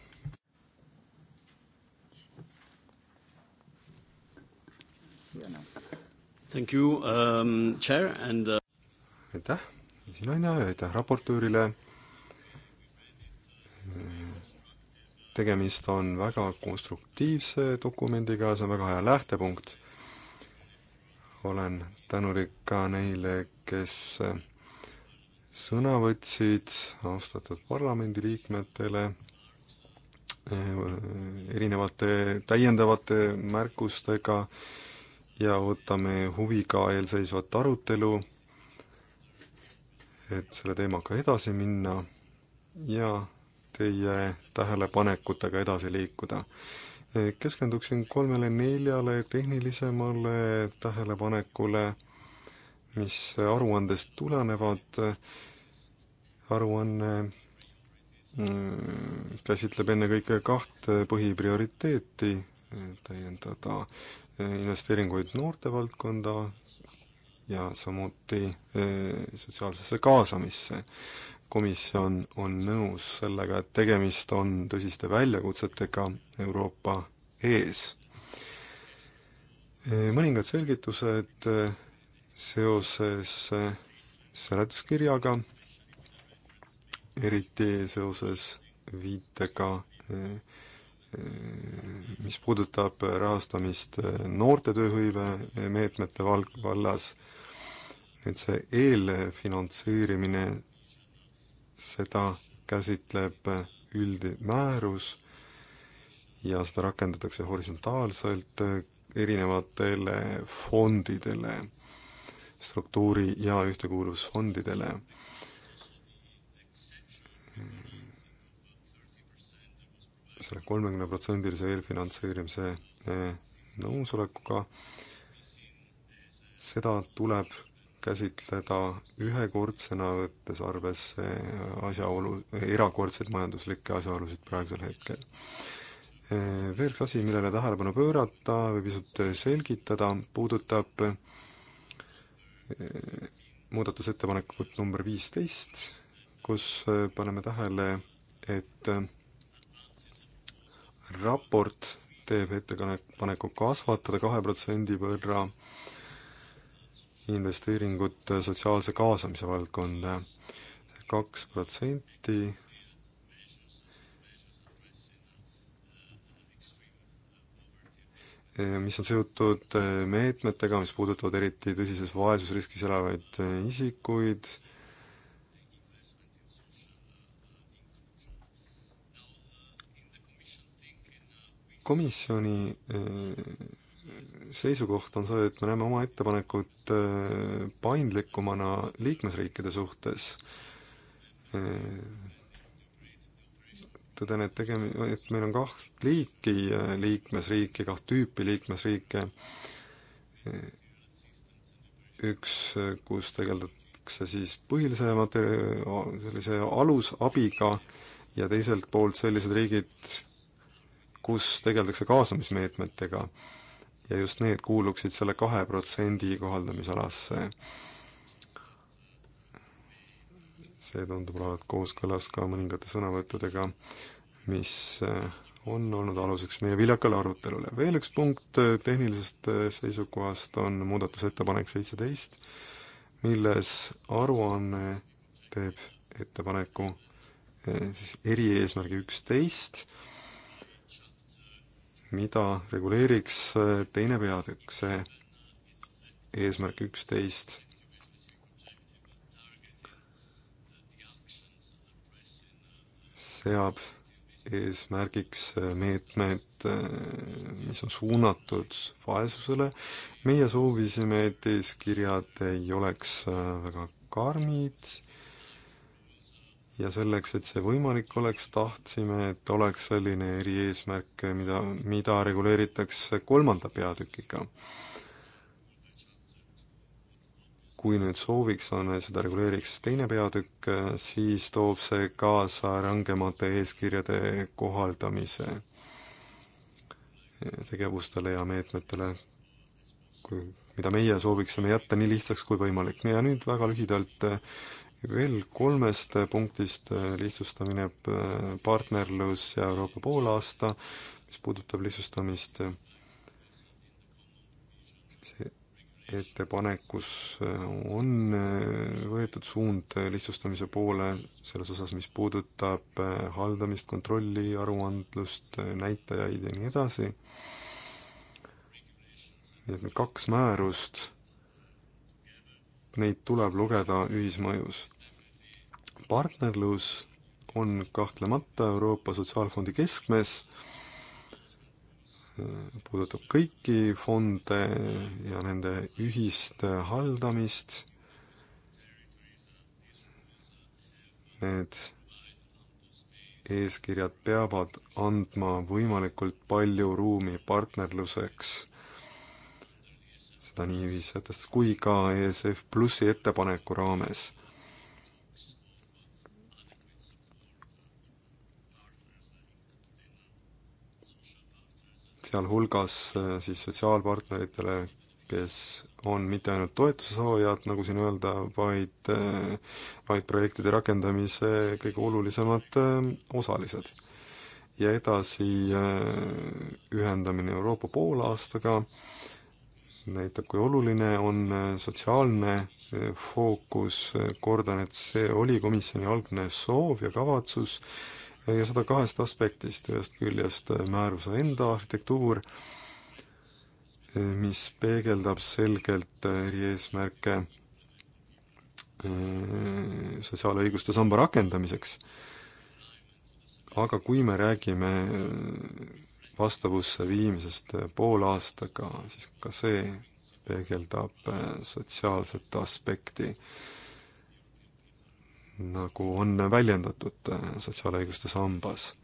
Thank you um,, chair and uh... aitäh, esinaine, aitäh raportöörile. tegemist on väga konstruktiivse dokumendiga, see on väga hea lähtepunkt. olen tänulik ka neile, kes sõna võtsid, austatud parlamendiliikmetele eh, erinevate täiendavate märkustega ja ootame huviga eelseisvat arutelu, et selle teemaga edasi minna ja teie tähelepanekutega edasi liikuda. Eh, keskenduksin kolmele-neljale tehnilisemale tähelepanekule mis aruandest tulenevad, aruanne mm, käsitleb ennekõike kahte põhiprioriteeti, täiendada eh, investeeringuid noorte valdkonda ja samuti eh, sotsiaalsesse kaasamisse. komisjon on nõus sellega, et tegemist on tõsiste väljakutsetega Euroopa ees. Eh, mõningad selgitused seoses eh, seletuskirjaga, eriti seoses viitega, eh, eh, mis puudutab rahastamist noorte tööhõive meetmete val-, vallas, et see eelfinantseerimine, seda käsitleb üldmäärus ja seda rakendatakse horisontaalselt erinevatele fondidele struktuuri- ja ühtekuuluvusfondidele. selle kolmekümneprotsendilise eelfinantseerimise eh, nõusolekuga, seda tuleb käsitleda ühekordsena, võttes arvesse eh, asjaolu, eh, erakordseid majanduslikke asjaolusid praegusel hetkel. Veel üks asi, millele tähelepanu pöörata või pisut selgitada, puudutab muudatusettepanekut number viisteist, kus äh, paneme tähele, et äh, raport teeb ettepaneku kasvatada kahe protsendi võrra investeeringut sotsiaalse kaasamise valdkonda. kaks protsenti Eh, mis on seotud eh, meetmetega, mis puudutavad eriti tõsises vaesusriskis elavaid eh, isikuid, komisjoni seisukoht on see, et me näeme oma ettepanekut paindlikumana liikmesriikide suhtes, rõhutada, et tegem-, et meil on kaht liiki äh, liikmesriike, kaht tüüpi liikmesriike, üks, äh, kus tegeldakse siis põhilise materja-, sellise alusabiga ja teiselt poolt sellised riigid, kus tegeldakse kaasamismeetmetega ja just need kuuluksid selle kahe protsendi kohaldamisalasse. see tundub olevat kooskõlas ka mõningate sõnavõttudega mis äh, on olnud aluseks meie viljakale arutelule. veel üks punkt äh, tehnilisest äh, seisukohast on muudatusettepanek seitseteist, milles aruanne teeb ettepaneku siis erieesmärgi üksteist, mida reguleeriks teine peatükk, see eesmärk üksteist seab eesmärgiks äh, meetmed, äh, mis on suunatud vaesusele. meie soovisime, et eeskirjad ei oleks äh, väga karmid ja selleks, et see võimalik oleks, tahtsime, et oleks selline erieesmärk, mida, mida reguleeritakse kolmanda peatükiga kui nüüd sooviks on, seda reguleeriks teine peatükk, siis toob see kaasa rangemate eeskirjade kohaldamise tegevustele ja meetmetele, kui, mida meie sooviksime jätta nii lihtsaks kui võimalik. ja nüüd väga lühidalt veel kolmest punktist lihtsustamine, partnerlus ja Euroopa poolaasta, mis puudutab lihtsustamist, see ettepanekus äh, on äh, võetud suund äh, lihtsustamise poole selles osas, mis puudutab haldamist, kontrolli, aruandlust, näitajaid ja nii edasi. nii et need kaks määrust, neid tuleb lugeda ühismõjus. partnerlus on kahtlemata Euroopa Sotsiaalfondi keskmes puudutab kõiki fonde ja nende ühist haldamist. Need eeskirjad peavad andma võimalikult palju ruumi partnerluseks, seda nii ühissätest kui ka ESF Plussi ettepaneku raames sealhulgas äh, siis sotsiaalpartneritele, kes on mitte ainult toetuse saajad, nagu siin öelda, vaid, äh, vaid projektide rakendamise kõige olulisemad äh, osalised. ja edasi ühendamine Euroopa poolaastaga näitab, kui oluline on sotsiaalne fookus, kordan, et see oli komisjoni algne soov ja kavatsus, ja seda kahest aspektist, ühest küljest määruse enda arhitektuur, mis peegeldab selgelt erieesmärke äh, sotsiaalõiguste samba rakendamiseks, aga kui me räägime äh, vastavusse viimisest poolaastaga, siis ka see peegeldab äh, sotsiaalset aspekti äh, nagu on väljendatud äh, sotsiaalõiguste sambas.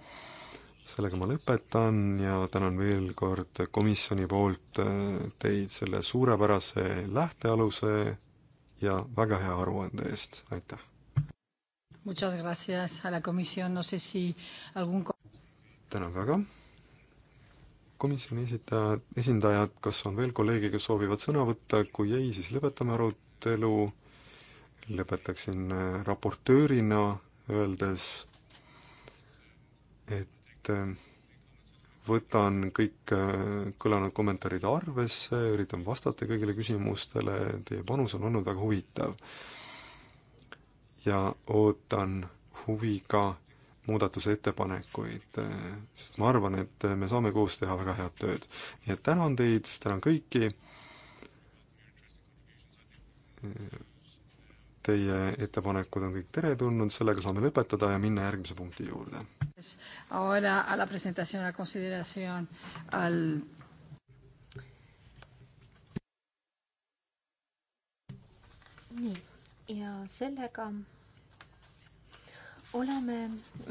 sellega ma lõpetan ja tänan veel kord komisjoni poolt äh, teid selle suurepärase lähtealuse ja väga hea aruande eest, aitäh!
Muchas gracias a la comisión, no sé si algún
tänan väga! komisjoni esitaja, esindajad, kas on veel kolleege, kes soovivad sõna võtta, kui ei, siis lõpetame arutelu lõpetaksin äh, raportöörina, öeldes, et äh, võtan kõik äh, kõlanud kommentaarid arvesse, üritan vastata kõigile küsimustele, teie panus on olnud väga huvitav. ja ootan huviga muudatusettepanekuid, sest ma arvan, et me saame koos teha väga head tööd. nii et tänan teid, tänan kõiki, Teie ettepanekud on kõik teretulnud, sellega saame lõpetada ja minna järgmise punkti juurde.
Al...
nii, ja sellega oleme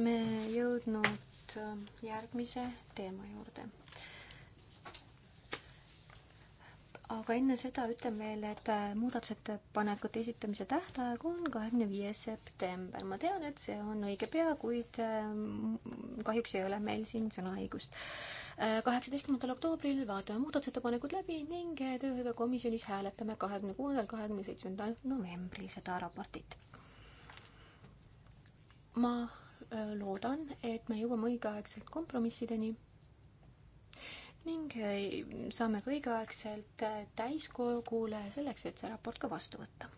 me jõudnud äh, järgmise teema juurde aga enne seda ütlen veel, et äh, muudatusettepanekute esitamise tähtaeg on kahekümne viies september. ma tean, et see on õige pea, kuid äh, kahjuks ei ole meil siin sõnaõigust. Äh, kaheksateistkümnendal oktoobril vaatame muudatusettepanekud läbi ning tööhõivekomisjonis hääletame kahekümne kuuendal, kahekümne seitsmendal novembril seda raportit. ma loodan, et me jõuame õigeaegselt kompromissideni ning eh, saame ka õigeaegselt eh, täiskogule selleks, et see raport ka vastu võtta.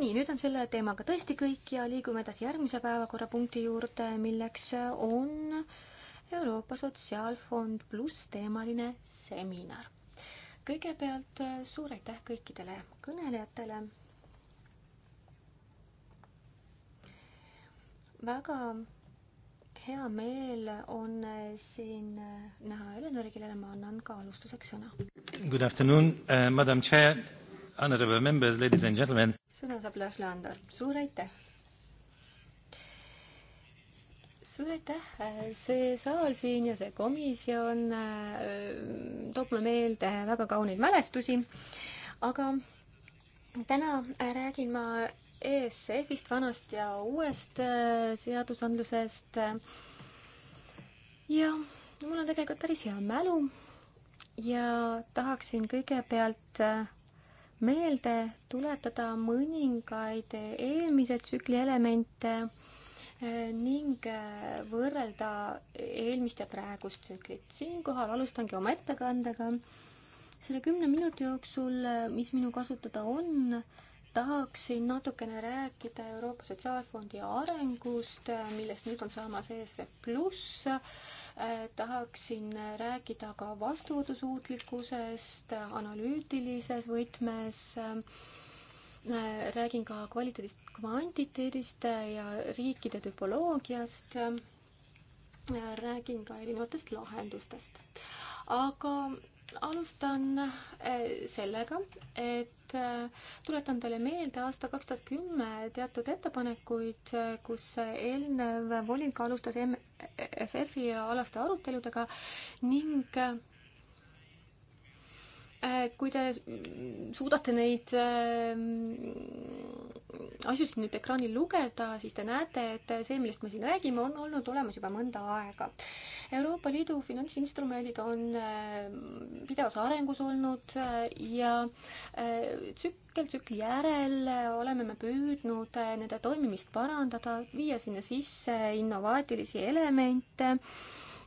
nii, nüüd on selle teemaga tõesti kõik ja liigume edasi järgmise päevakorrapunkti juurde, milleks on Euroopa Sotsiaalfond pluss teemaline seminar. kõigepealt eh, suur aitäh kõikidele kõnelejatele. väga hea meel on eh, siin eh, näha Eleonori, kellele ma annan ka alustuseks sõna. Good
afternoon uh,, madam chair, honorable members, ladies and gentlemen.
sõna saab Lars Leander, suur aitäh suur aitäh, see saal siin ja see komisjon toob mulle meelde väga kauneid mälestusi, aga täna räägin ma ESF-ist, vanast ja uuest äh, seadusandlusest. ja mul on tegelikult päris hea mälu ja tahaksin kõigepealt äh, meelde tuletada mõningaid eelmise tsükli elemente äh, ning võrrelda eelmist ja praegust tsüklit. siinkohal alustangi oma ettekandega. selle kümne minuti jooksul, mis minu kasutada on, tahaksin natukene rääkida Euroopa Sotsiaalfondi arengust, millest nüüd on saamas ESF pluss. tahaksin rääkida ka vastuvõtusuutlikkusest analüütilises võtmes. räägin ka kvaliteedist, kvantiteedist ja riikide tüpoloogiast. räägin ka erinevatest lahendustest. aga alustan äh, sellega, et äh, tuletan teile meelde aasta kaks tuhat kümme teatud ettepanekuid, kus eelnev volinik alustas MFF-i alaste aruteludega ning äh, Äh, kui te suudate neid ähm, asju siin nüüd ekraanil lugeda, siis te näete, et see, millest me siin räägime, on olnud olemas juba mõnda aega. Euroopa Liidu finantsinstrumendid on ähm, pidevas arengus olnud äh, ja äh, tsükkel tsükli järel oleme me püüdnud nende toimimist parandada, viia sinna sisse innovaatilisi elemente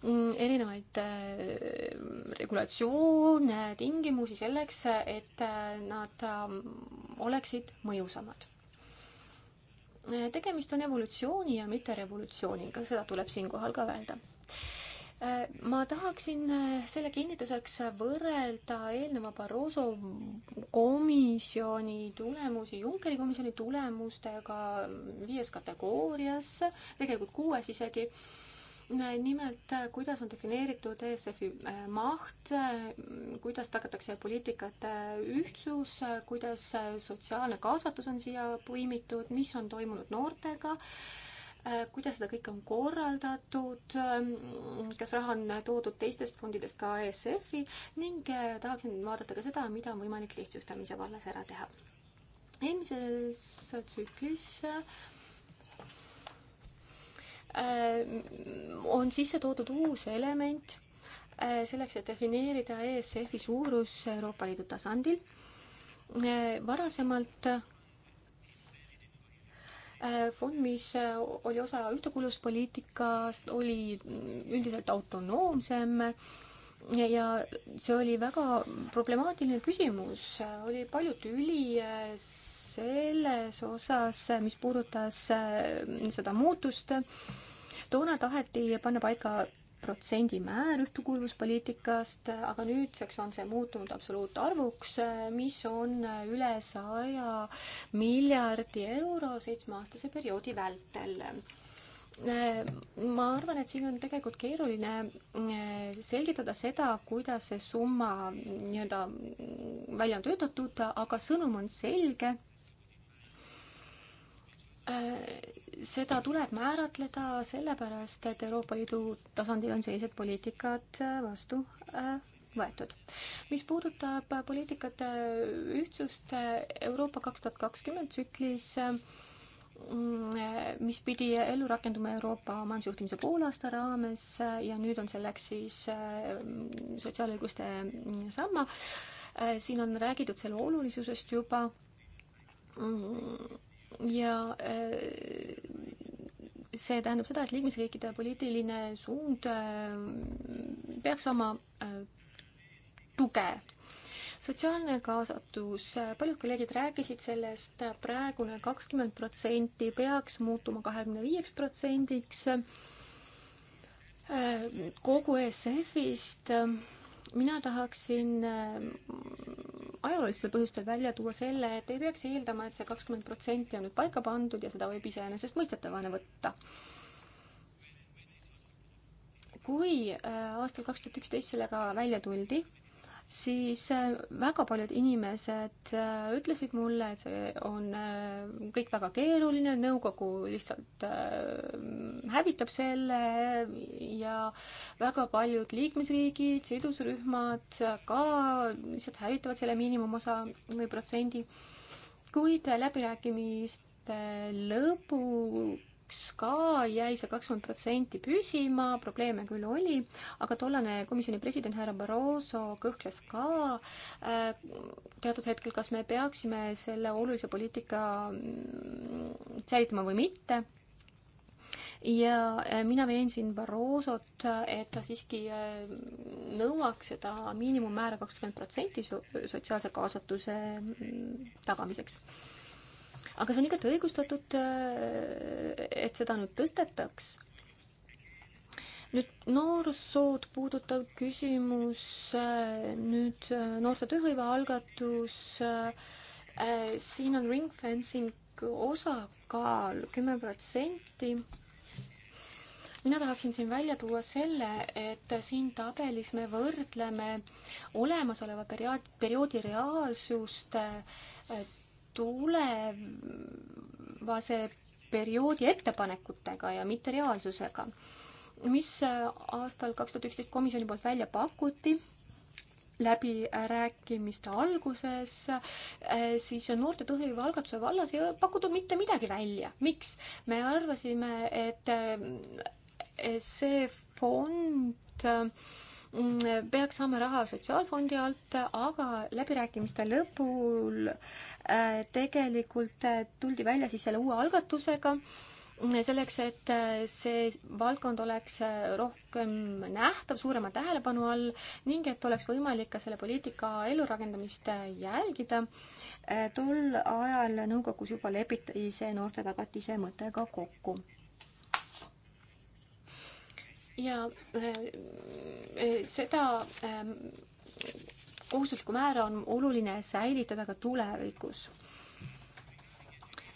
Mm, erinevaid äh, regulatsioone, tingimusi selleks, et äh, nad ähm, oleksid mõjusamad. Äh, tegemist on evolutsiooni ja mitte revolutsiooniga, seda tuleb siinkohal ka öelda ma tahaksin selle kinnituseks võrrelda eelneva Barroso komisjoni tulemusi Junckeri komisjoni tulemustega viies kategoorias, tegelikult kuues isegi Äh, nimelt, äh, kuidas on defineeritud ESF-i äh, maht, kuidas tagatakse poliitikate ühtsus, kuidas sotsiaalne kaasatus on siia põimitud, mis on toimunud noortega, kuidas seda kõike on korraldatud, ähm, kas raha on toodud teistest fondidest ka ESF-i ning tahaksin vaadata ka seda, mida on võimalik lihtsustamise vallas ära teha. eelmises tsüklis Äh, on sisse toodud uus element äh, selleks, et defineerida ESF-i suurus Euroopa Liidu tasandil. Äh, varasemalt fond, mis oli osa ühtekuuluvuspoliitikast, oli üldiselt autonoomsem ja see oli väga problemaatiline küsimus, oli palju tüli selles osas, mis puudutas äh, seda muutust. toona taheti panna paika protsendimäär ühtekuuluvuspoliitikast, aga nüüdseks on see muutunud absoluutarvuks, mis on üle saja miljardi euro seitsmeaastase perioodi vältel ma arvan, et siin on tegelikult keeruline äh, selgitada seda, kuidas see summa nii-öelda välja on töötatud, aga sõnum on selge Äh, seda tuleb määratleda sellepärast, et Euroopa Liidu tasandil on sellised poliitikad äh, vastu äh, võetud. mis puudutab poliitikate ühtsust Euroopa kaks tuhat kakskümmend tsüklis, mm, mis pidi ellu rakenduma Euroopa majandusjuhtimise poolaasta raames ja nüüd on selleks siis sotsiaalõiguste mm, samma. siin on räägitud selle olulisusest juba mm, ja äh, see tähendab seda, et liikmesriikide poliitiline suund äh, peaks saama äh, tuge. sotsiaalne kaasatus, paljud kolleegid rääkisid sellest, praegune kakskümmend protsenti peaks muutuma kahekümne viieks protsendiks kogu ESF-ist mina tahaksin äh, ajaloolistel põhjustel välja tuua selle, et ei peaks eeldama, et see kakskümmend protsenti on nüüd paika pandud ja seda võib iseenesestmõistetavana võtta. kui äh, aastal kaks tuhat üksteist sellega välja tuldi siis äh, väga paljud inimesed äh, ütlesid mulle, et see on äh, kõik väga keeruline, nõukogu lihtsalt hävitab selle ja väga paljud liikmesriigid, sidusrühmad ka lihtsalt hävitavad selle miinimumosa või protsendi. kuid läbirääkimiste lõpu lõpuks ka jäi see kakskümmend protsenti püsima, probleeme küll oli, aga tollane komisjoni president härra Barroso kõhkles ka äh, teatud hetkel, kas me peaksime selle olulise poliitika mm, säilitama või mitte ja äh, mina veensin Barrosot, et ta siiski äh, nõuaks seda miinimummäära kakskümmend protsenti sotsiaalse kaasatuse mm, tagamiseks aga see on igati õigustatud, äh, et seda nüüd tõstetaks nüüd noorsood puudutav küsimus, äh, nüüd äh, noorte tööhõive algatus, siin on ring fencing osakaal kümme protsenti. mina tahaksin siin välja tuua selle, et siin tabelis me võrdleme olemasoleva periood, perioodi reaalsust tulevase perioodi ettepanekutega ja mitte reaalsusega. mis aastal kaks tuhat üksteist komisjoni poolt välja pakuti, läbirääkimiste alguses, eh, siis noorte tööhõive algatuse vallas ei pakutud mitte midagi välja. miks? me arvasime, et eh, see fond Mm, peaks saama raha sotsiaalfondi alt, aga läbirääkimiste lõpul äh, tegelikult äh, tuldi välja siis selle uue algatusega mm, selleks, et äh, see valdkond oleks rohkem nähtav, suurema tähelepanu all ning et oleks võimalik ka selle poliitika ellurakendamist jälgida. tol ajal nõukogus juba lepiti see noorte tagatise mõte ka kokku ja äh, äh, seda ähm, kohustuslikku määra on oluline säilitada ka tulevikus.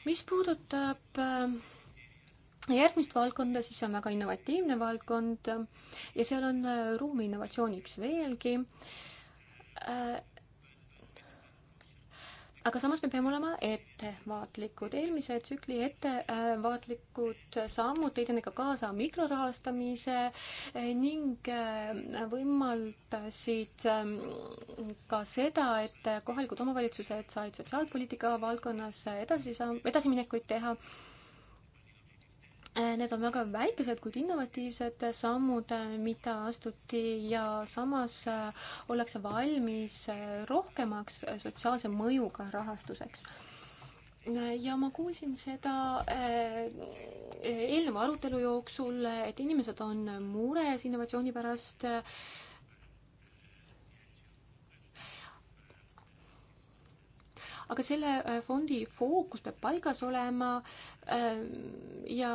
mis puudutab äh, järgmist valdkonda, siis see on väga innovatiivne valdkond ja seal on ruumi innovatsiooniks veelgi aga samas me peame olema ettevaatlikud. eelmise tsükli ettevaatlikud sammud tõid endaga kaasa mikrorahastamise ning äh, võimaldasid ähm, ka seda, et kohalikud omavalitsused said sotsiaalpoliitika valdkonnas edasi samm, edasiminekuid teha Äh, need on väga väikesed, kuid innovatiivsed sammud, äh, mida astuti ja samas äh, ollakse valmis rohkemaks sotsiaalse mõjuga rahastuseks ja ma kuulsin seda eelneva arutelu jooksul, et inimesed on mures innovatsiooni pärast. aga selle fondi fookus peab paigas olema ja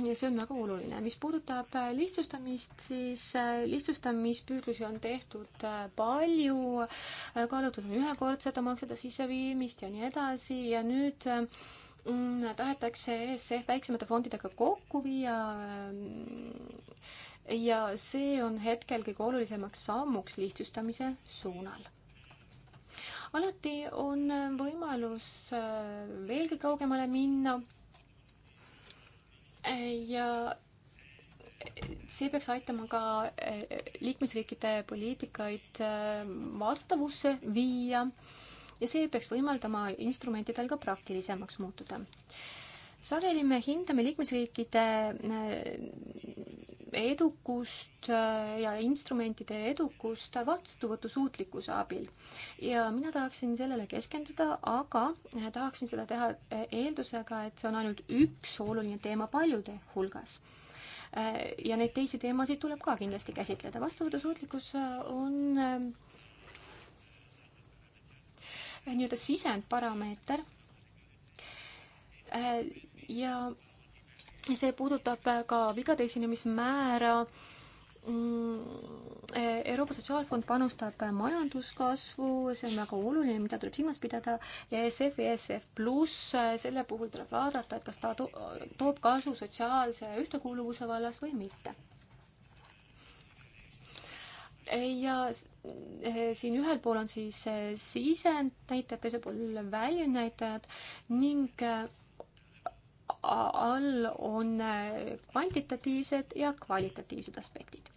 ja see on väga oluline. mis puudutab äh, lihtsustamist, siis äh, lihtsustamispüüdlusi on tehtud äh, palju, kaalutud on ühekordsete maksude sisseviimist ja nii edasi ja nüüd mm, tahetakse ESF väiksemate fondidega kokku viia ja see on hetkel kõige olulisemaks sammuks lihtsustamise suunal alati on võimalus veelgi kaugemale minna ja see peaks aitama ka eh, liikmesriikide poliitikaid eh, vastavusse viia ja see peaks võimaldama instrumentidel ka praktilisemaks muutuda sageli me hindame liikmesriikide äh, edukust äh, ja instrumentide edukust vastuvõtusuutlikkuse abil. ja mina tahaksin sellele keskenduda, aga äh, tahaksin seda teha eeldusega, et see on ainult üks oluline teema paljude hulgas. ja neid teisi teemasid tuleb ka kindlasti käsitleda. vastuvõtusuutlikkus on nii-öelda sisendparameeter ja see puudutab ka vigade esinemismäära. Mm, e, Euroopa Sotsiaalfond panustab majanduskasvu, see on väga oluline, mida tuleb silmas pidada, ja ESF ja ESF pluss, selle puhul tuleb vaadata, et kas ta to toob kasu sotsiaalse ühtekuuluvuse vallas või mitte. E, ja e, siin ühel pool on siis sisend näitajad, teisel pool väljunäitajad ning all on äh, kvantitatiivsed ja kvalitatiivsed aspektid.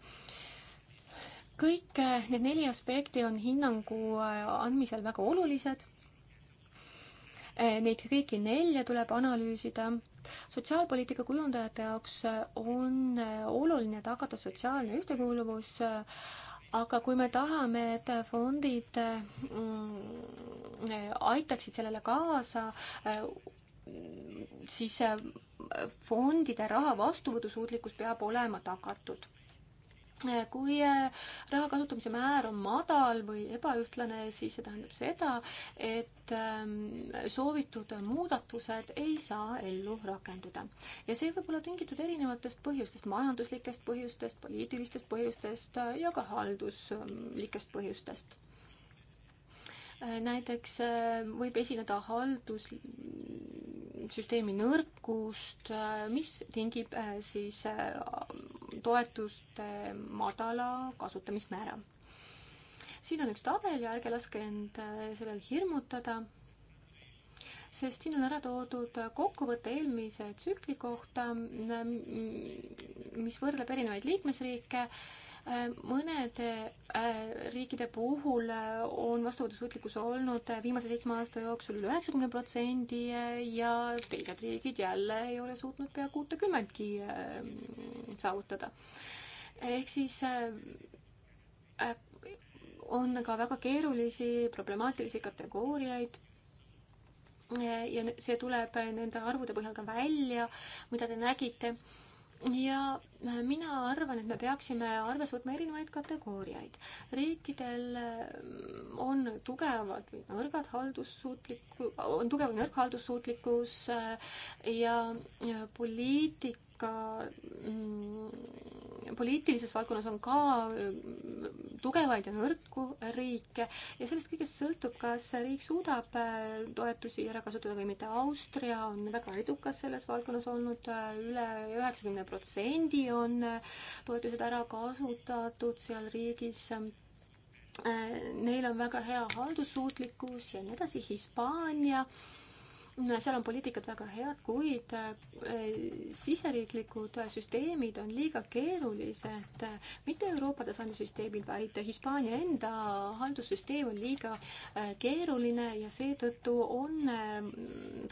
kõik äh, need neli aspekti on hinnangu äh, andmisel väga olulised. Neid kõiki nelja tuleb analüüsida. sotsiaalpoliitika kujundajate jaoks on oluline tagada sotsiaalne ühtekuuluvus aga kui me tahame, et fondid mm, aitaksid sellele kaasa, siis äh, fondide raha vastuvõtusuutlikkus peab olema tagatud äh, kui äh, raha kasutamise määr on madal või ebaühtlane, siis see tähendab seda, et ähm, soovitud muudatused ei saa ellu rakenduda. ja see võib olla tingitud erinevatest põhjustest, majanduslikest põhjustest, poliitilistest põhjustest ja ka halduslikest põhjustest Äh, näiteks äh, võib esineda haldussüsteemi nõrkust, äh, mis tingib siis toetuste madala kasutamismäära. siin on üks tabel ja ärge laske end sellel hirmutada, sest siin on ära toodud kokkuvõte eelmise tsükli kohta, mm, mm, mis võrdleb erinevaid liikmesriike Äh, mõnede äh, riikide puhul äh, on vastuvõtusuutlikkus olnud viimase seitsme aasta jooksul üle üheksakümne protsendi ja teised riigid jälle ei ole suutnud pea kuutekümmetki saavutada. ehk siis on ka väga keerulisi problemaatilisi kategooriaid ja see tuleb nende arvude põhjal ka välja, mida te nägite ja äh, mina arvan, et me peaksime arvesse võtma erinevaid kategooriaid. riikidel ähm, on tugevad või nõrgad haldussuutlikku, on tugev nõrk haldussuutlikkus äh, ja poliitik-, ka mm, poliitilises valdkonnas on ka mm, tugevaid ja nõrku riike ja sellest kõigest sõltub, kas riik suudab äh, toetusi ära kasutada või mitte. Austria on väga edukas selles valdkonnas olnud üle, äh, üle üheksakümne protsendi on äh, toetused ära kasutatud seal riigis neil on väga hea haldussuutlikkus ja nii edasi, Hispaania äh, seal on poliitikad väga head, kuid eh, siseriiklikud süsteemid on liiga keerulised, mitte Euroopa tasandi süsteemid, vaid Hispaania enda haldussüsteem on liiga eh, keeruline ja seetõttu on eh,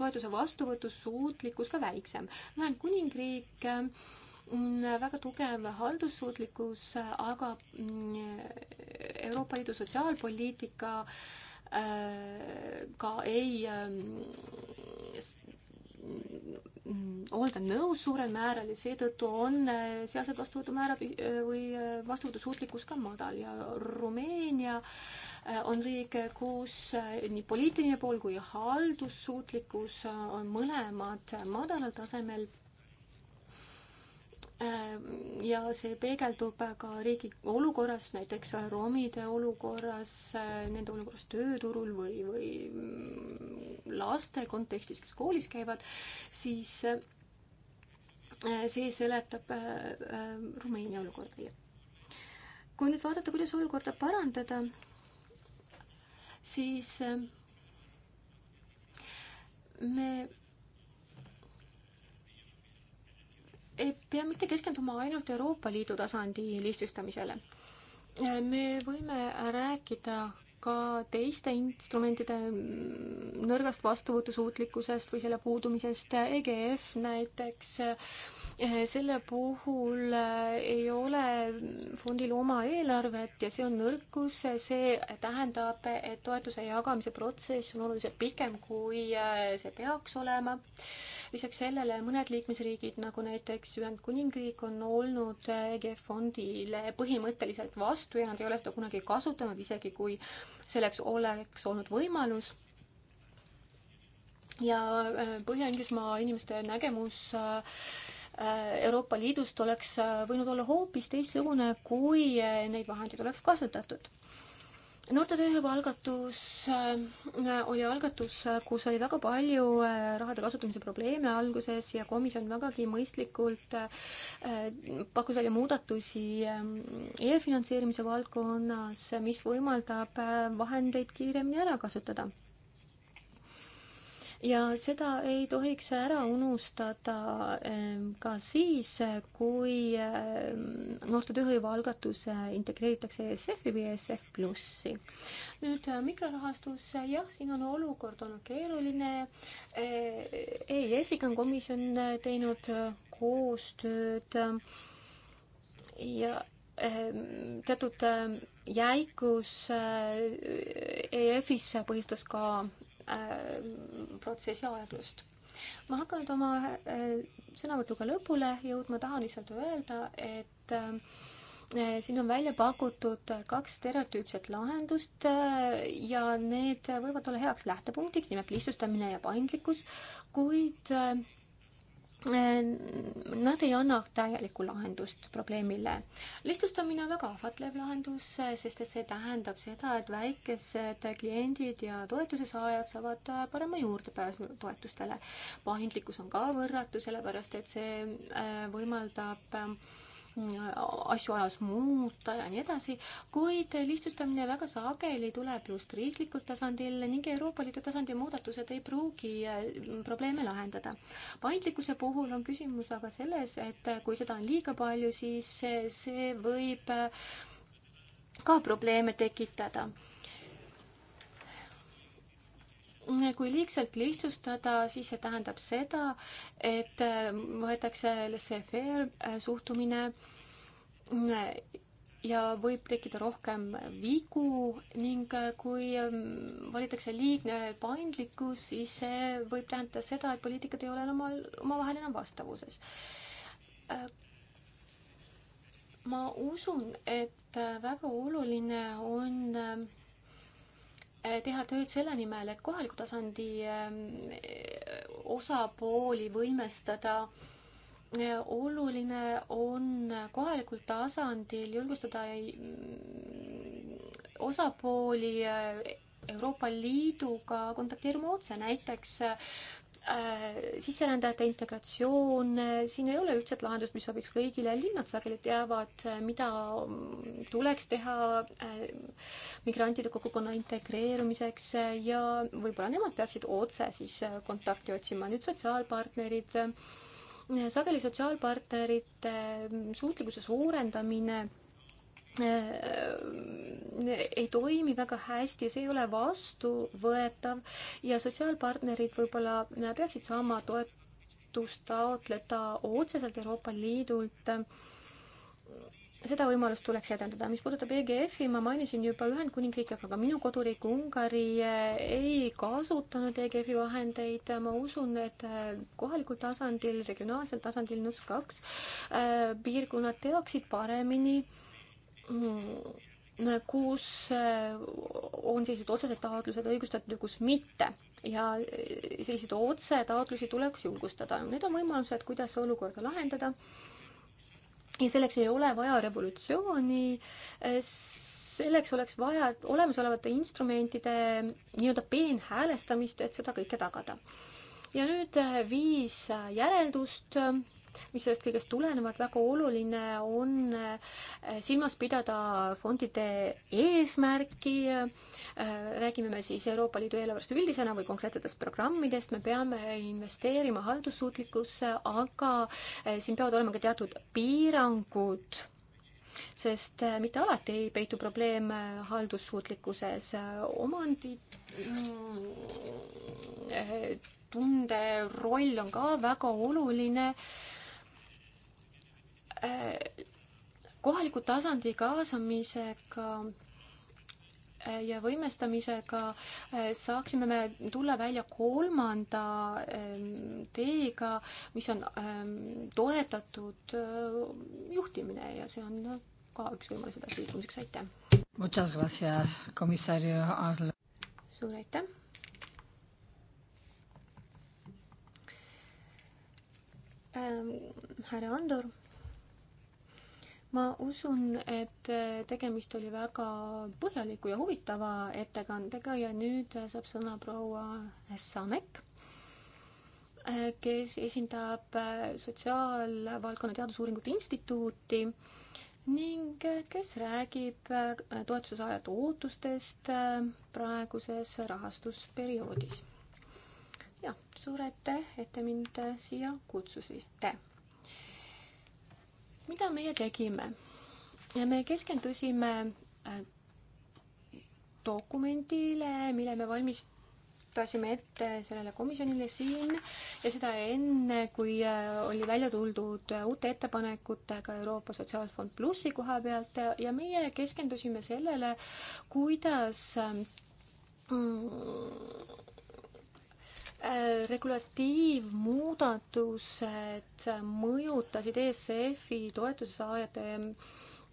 toetuse vastuvõtusuutlikkus ka väiksem. Ühendkuningriik mm, väga tugev haldussuutlikkus, aga mm, Euroopa Liidu sotsiaalpoliitika äh, Äh, ka ei ähm, mm, olda nõus suurel määral ja seetõttu on äh, sealsed vastuvõtumäära äh, või vastuvõtusuutlikkus ka madal ja Rumeenia on riik, kus nii poliitiline pool kui haldussuutlikkus on mõlemad madalal tasemel Äh, ja see peegeldub ka riigi olukorras, näiteks romide olukorras, äh, nende olukorras tööturul või, või mm, laste kontekstis, kes koolis käivad, siis äh, see seletab Rumeenia olukorda. kui nüüd vaadata, kuidas olukorda parandada, siis me ei pea mitte keskenduma ainult Euroopa Liidu tasandi lihtsustamisele. me võime rääkida ka teiste instrumentide nõrgast vastuvõtusuutlikkusest või selle puudumisest, EGF näiteks, selle puhul ei ole fondil oma eelarvet ja see on nõrkus, see tähendab, et toetuse jagamise protsess on oluliselt pikem, kui see peaks olema lisaks sellele mõned liikmesriigid, nagu näiteks Ühendkuningriik, on olnud EGF fondile põhimõtteliselt vastu ja nad ei ole seda kunagi kasutanud, isegi kui selleks oleks olnud võimalus ja äh, Põhja-Inglismaa inimeste nägemus äh, äh, Euroopa Liidust oleks võinud olla hoopis teistsugune, kui neid vahendeid oleks kasutatud noorte tööhõive algatus äh, oli algatus, äh, kus oli väga palju äh, rahade kasutamise probleeme alguses ja komisjon vägagi mõistlikult pakkus välja muudatusi ähm, eelfinantseerimise valdkonnas, mis võimaldab vahendeid kiiremini ära kasutada ja seda ei tohiks ära unustada ehm, ka siis, kui ehm, noorte tööhõive algatus integreeritakse ESF-i või ESF plussi. nüüd äh, mikrorahastus, jah, siin on olukord olnud keeruline. Äh, EIF-iga e on komisjon äh, teinud koostööd ja ehm, teatud jäikus EF-is e põhjustas ka Äh, protsessi aeglust. ma hakkan nüüd oma äh, sõnavõtuga lõpule jõudma, tahan lihtsalt öelda, et äh, siin on välja pakutud kaks stereotüüpset lahendust ja need võivad olla heaks lähtepunktiks, nimelt lihtsustamine ja paindlikkus, kuid Ehm, nad ei anna täielikku lahendust probleemile. lihtsustamine on väga ahvatlev lahendus, sest et see tähendab seda, et väikesed kliendid ja toetuse saajad saavad parema juurdepääsu toetustele. paindlikkus on ka võrratu, sellepärast et see äh, võimaldab asju ajas muuta ja nii edasi, kuid lihtsustamine väga sageli tuleb just riiklikult tasandil ning Euroopa Liidu tasandi muudatused ei pruugi eh, probleeme lahendada. paindlikkuse puhul on küsimus aga selles, et kui seda on liiga palju, siis see võib eh, ka probleeme tekitada kui liigselt lihtsustada, siis see tähendab seda, et äh, võetakse laissez-faire äh, suhtumine äh, ja võib tekkida rohkem vigu ning kui ähm, valitakse liigne paindlikkus, siis see võib tähendada seda, et poliitikad ei ole enam omavahel enam vastavuses. ma usun, et väga oluline on teha tööd selle nimel, et kohaliku tasandi ähm, osapooli võimestada. oluline on kohalikul tasandil julgustada osapooli äh, Euroopa Liiduga kontakteeruma otse, näiteks äh, Äh, sisserändajate integratsioon, siin ei ole ühtset lahendust, mis sobiks kõigile, linnad sageli teavad, äh, mida mm, tuleks teha äh, migrantide kogukonna integreerumiseks ja võib-olla nemad peaksid otse siis kontakti otsima, nüüd sotsiaalpartnerid, sageli sotsiaalpartnerite mm, suutlikkuse suurendamine Äh, ei toimi väga hästi, see ei ole vastuvõetav ja sotsiaalpartnerid võib-olla peaksid saama toetust taotleda otseselt Euroopa Liidult. seda võimalust tuleks edendada. mis puudutab EGF-i, ma mainisin juba Ühendkuningriiki, aga ka minu koduriik Ungari äh, ei kasutanud EGF-i vahendeid. ma usun, et äh, kohalikul tasandil, regionaalsel tasandil NUTS kaks piirkonnad teaksid paremini äh, Mm, kus äh, on sellised otsesed taotlused õigustatud ja kus mitte. ja äh, selliseid otsetaotlusi tuleks julgustada. Need on võimalused, kuidas olukorda lahendada. ja selleks ei ole vaja revolutsiooni, äh, selleks oleks vaja olemasolevate instrumentide nii-öelda peenhäälestamist, et seda kõike tagada. ja nüüd viis järeldust mis sellest kõigest tulenevad, väga oluline on äh, silmas pidada fondide eesmärki, äh, räägime me siis Euroopa Liidu eelarvest üldisena või konkreetsetest programmidest, me peame investeerima haldussuutlikkusse, aga äh, siin peavad olema ka teatud piirangud sest mitte alati ei peitu probleem haldussuutlikkuses. omandi mm, tunde roll on ka väga oluline kohaliku tasandi kaasamisega äh, ja võimestamisega äh, saaksime me tulla välja kolmanda ähm, teega, mis on ähm, toetatud äh, juhtimine ja see on ka üks võimalus edasiliikumiseks, aitäh. suur aitäh. Ähm, härra Andur ma usun, et äh, tegemist oli väga põhjaliku ja huvitava ettekandega ja nüüd saab sõna proua Samek, äh, kes esindab äh, Sotsiaalvaldkonna Teadusuuringute Instituuti ning kes räägib toetuse saajate ootustest praeguses rahastusperioodis. jah, suur aitäh, et te mind siia kutsusite mida meie tegime? me keskendusime äh, dokumendile, mille me valmistasime ette sellele komisjonile siin ja seda enne, kui äh, oli välja tuldud äh, uute ettepanekutega Euroopa Sotsiaalfond Plussi koha pealt ja meie keskendusime sellele, kuidas mm, Äh, regulatiivmuudatused mõjutasid ESF-i toetuse saajate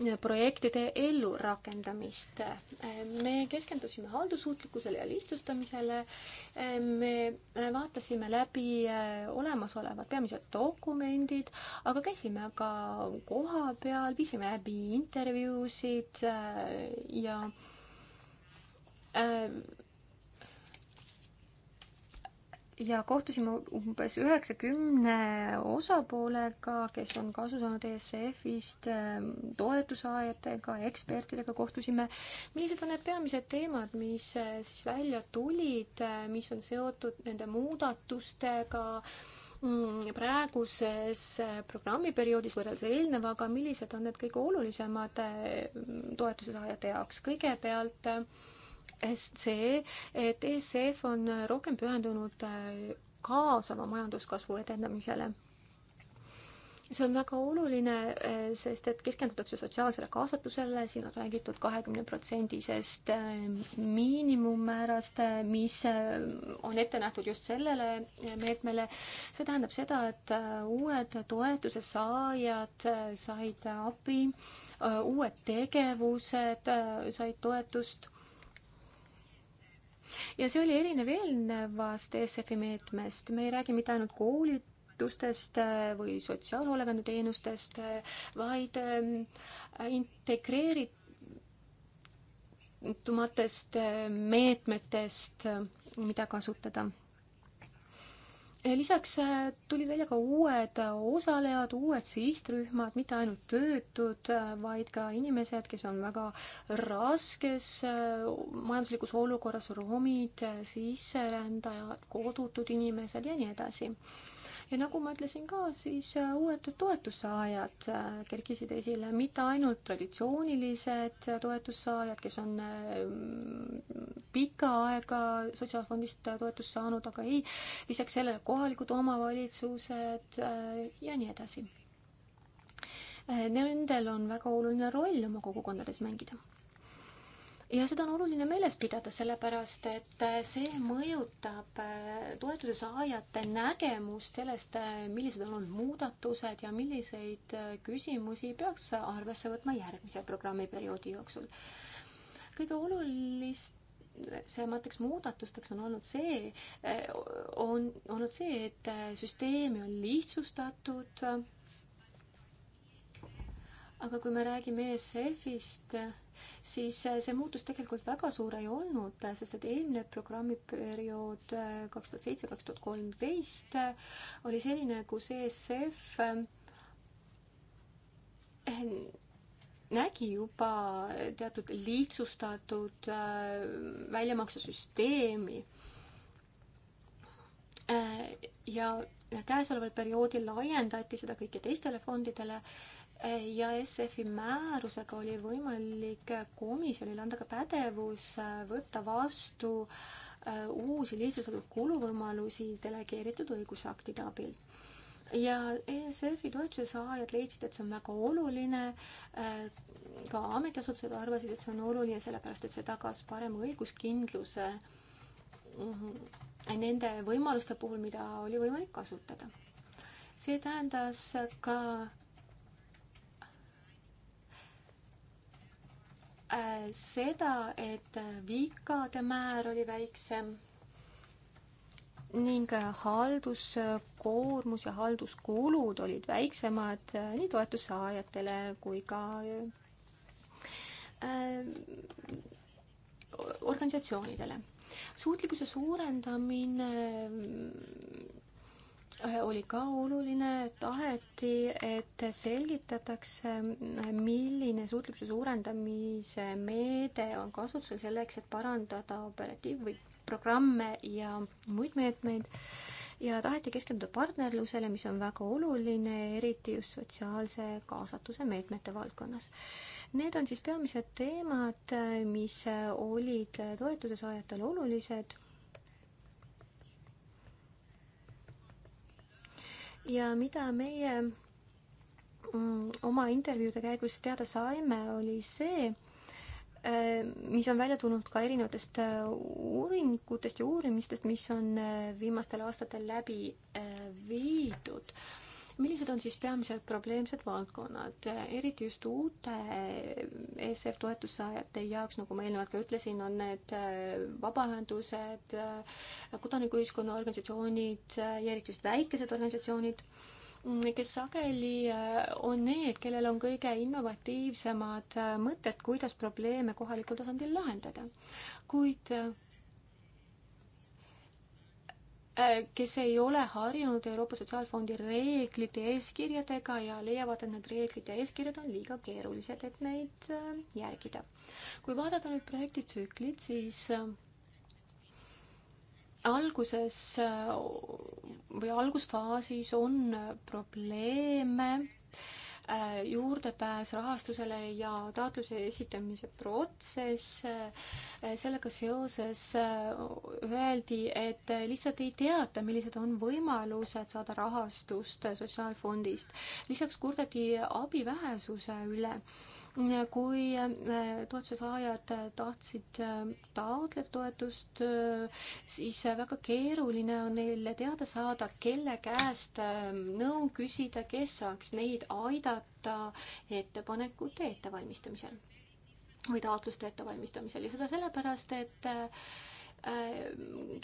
äh, projektide ellurakendamist. Äh, me keskendusime haldussuutlikkusele ja lihtsustamisele. me vaatasime läbi olemasolevad peamised dokumendid, aga käisime ka kohapeal, viisime läbi intervjuusid ja ja kohtusime umbes üheksakümne osapoolega, kes on kasu saanud ESF-ist, ehm, toetusaajatega, ekspertidega kohtusime. millised on need peamised teemad, mis eh, siis välja tulid, eh, mis on seotud nende muudatustega? Mm, praeguses eh, programmiperioodis võrreldes eelnevaga, millised on need kõige olulisemad toetuse saajate jaoks? kõigepealt äh, see, et ESF on rohkem pühendunud äh, kaasava majanduskasvu edendamisele. see on väga oluline, äh, sest et keskendutakse sotsiaalsele kaasatusele, siin on räägitud kahekümneprotsendisest äh, miinimummäärast, mis on ette nähtud just sellele meetmele. see tähendab seda, et uued toetuse saajad said abi, uued tegevused said toetust ja see oli erinev eelnevast ESF-i meetmest, me ei räägi mitte ainult koolitustest äh, või sotsiaalhoolekandeteenustest, äh, vaid äh, integreeritumatest meetmetest, mida kasutada lisaks äh, tulid välja ka uued äh, osalejad, uued sihtrühmad, mitte ainult töötud, äh, vaid ka inimesed, kes on väga raskes majanduslikus olukorras, romid, sisserändajad, kodutud inimesed ja nii edasi ja nagu ma ütlesin ka, siis äh, uued toetussaajad äh, kerkisid esile, mitte ainult traditsioonilised toetussaajad, kes on äh, pikka aega Sotsiaalfondist toetust saanud, aga ei, lisaks sellele kohalikud omavalitsused ja nii edasi. Nendel on väga oluline roll oma kogukondades mängida ja seda on oluline meeles pidada, sellepärast et äh, see mõjutab äh, toetuse saajate nägemust sellest, äh, millised on olnud muudatused ja milliseid küsimusi peaks arvesse võtma järgmise programmiperioodi jooksul. kõige olulisemateks muudatusteks on olnud see, on olnud see, et süsteemi on lihtsustatud aga kui me räägime ESF-ist, siis äh, see muutus tegelikult väga suur ei olnud, äh, sest et eelmine programmiperiood äh, kaks tuhat seitse, kaks tuhat kolmteist oli selline, kus ESF nägi juba teatud lihtsustatud väljamaksesüsteemi. ja käesoleval perioodil laiendati seda kõike teistele fondidele ja SF-i määrusega oli võimalik komisjonile anda ka pädevus äh, võtta vastu äh, uusi lihtsustatud kuluvõimalusi delegeeritud õigusaktide abil. ja ESF-i toetuse saajad leidsid, et see on väga oluline, äh, ka ametiasutused arvasid, et see on oluline, sellepärast et see tagas parema õiguskindluse mm-hmm, nende võimaluste puhul, mida oli võimalik kasutada. see tähendas ka Äh, seda, et äh, vigade määr oli väiksem ning äh, halduskoormus ja halduskulud olid väiksemad nii toetussaajatele kui ka organisatsioonidele. suutlikkuse suurendamine oli ka oluline, taheti, et selgitatakse, milline suutlikkuse suurendamise meede on kasutusel selleks, et parandada operatiiv- või programme ja muid meetmeid ja taheti keskenduda partnerlusele, mis on väga oluline, eriti just sotsiaalse kaasatuse meetmete valdkonnas. Need on siis peamised teemad, mis olid toetuse saajatele olulised ja mida meie mm, oma intervjuude käigus teada saime, oli see, äh, mis on välja tulnud ka erinevatest äh, uuringutest ja uurimistest, mis on äh, viimastel aastatel läbi viidud millised on siis peamised probleemsed valdkonnad, eriti just uute ESF toetussaajate jaoks, nagu ma eelnevalt ka ütlesin, on need äh, vabaühendused, äh, kodanikuühiskonna organisatsioonid äh, ja eriti just väikesed organisatsioonid, mm, kes sageli on need, kellel on kõige innovatiivsemad mõtted, kuidas probleeme kohalikul tasandil lahendada. kuid Äh, kes ei ole harjunud Euroopa Sotsiaalfondi reeglite ja eeskirjadega ja leiavad, et need reeglid ja eeskirjad on liiga keerulised, et neid äh, järgida. kui vaadata nüüd projektitsüklit, siis äh, alguses või algusfaasis on probleeme Äh, juurdepääs rahastusele ja taotluse esitamise protsess. Äh, sellega seoses äh, öeldi, et lihtsalt ei teata, millised on võimalused saada rahastust sotsiaalfondist. lisaks kurdeti abi vähesuse üle kui äh, toetuse saajad äh, tahtsid äh, taotleda toetust, siis väga keeruline on neil teada saada, kelle käest nõu küsida, kes saaks neid aidata ettepanekute ettevalmistamisel või taotluste ettevalmistamisel ja seda sellepärast, et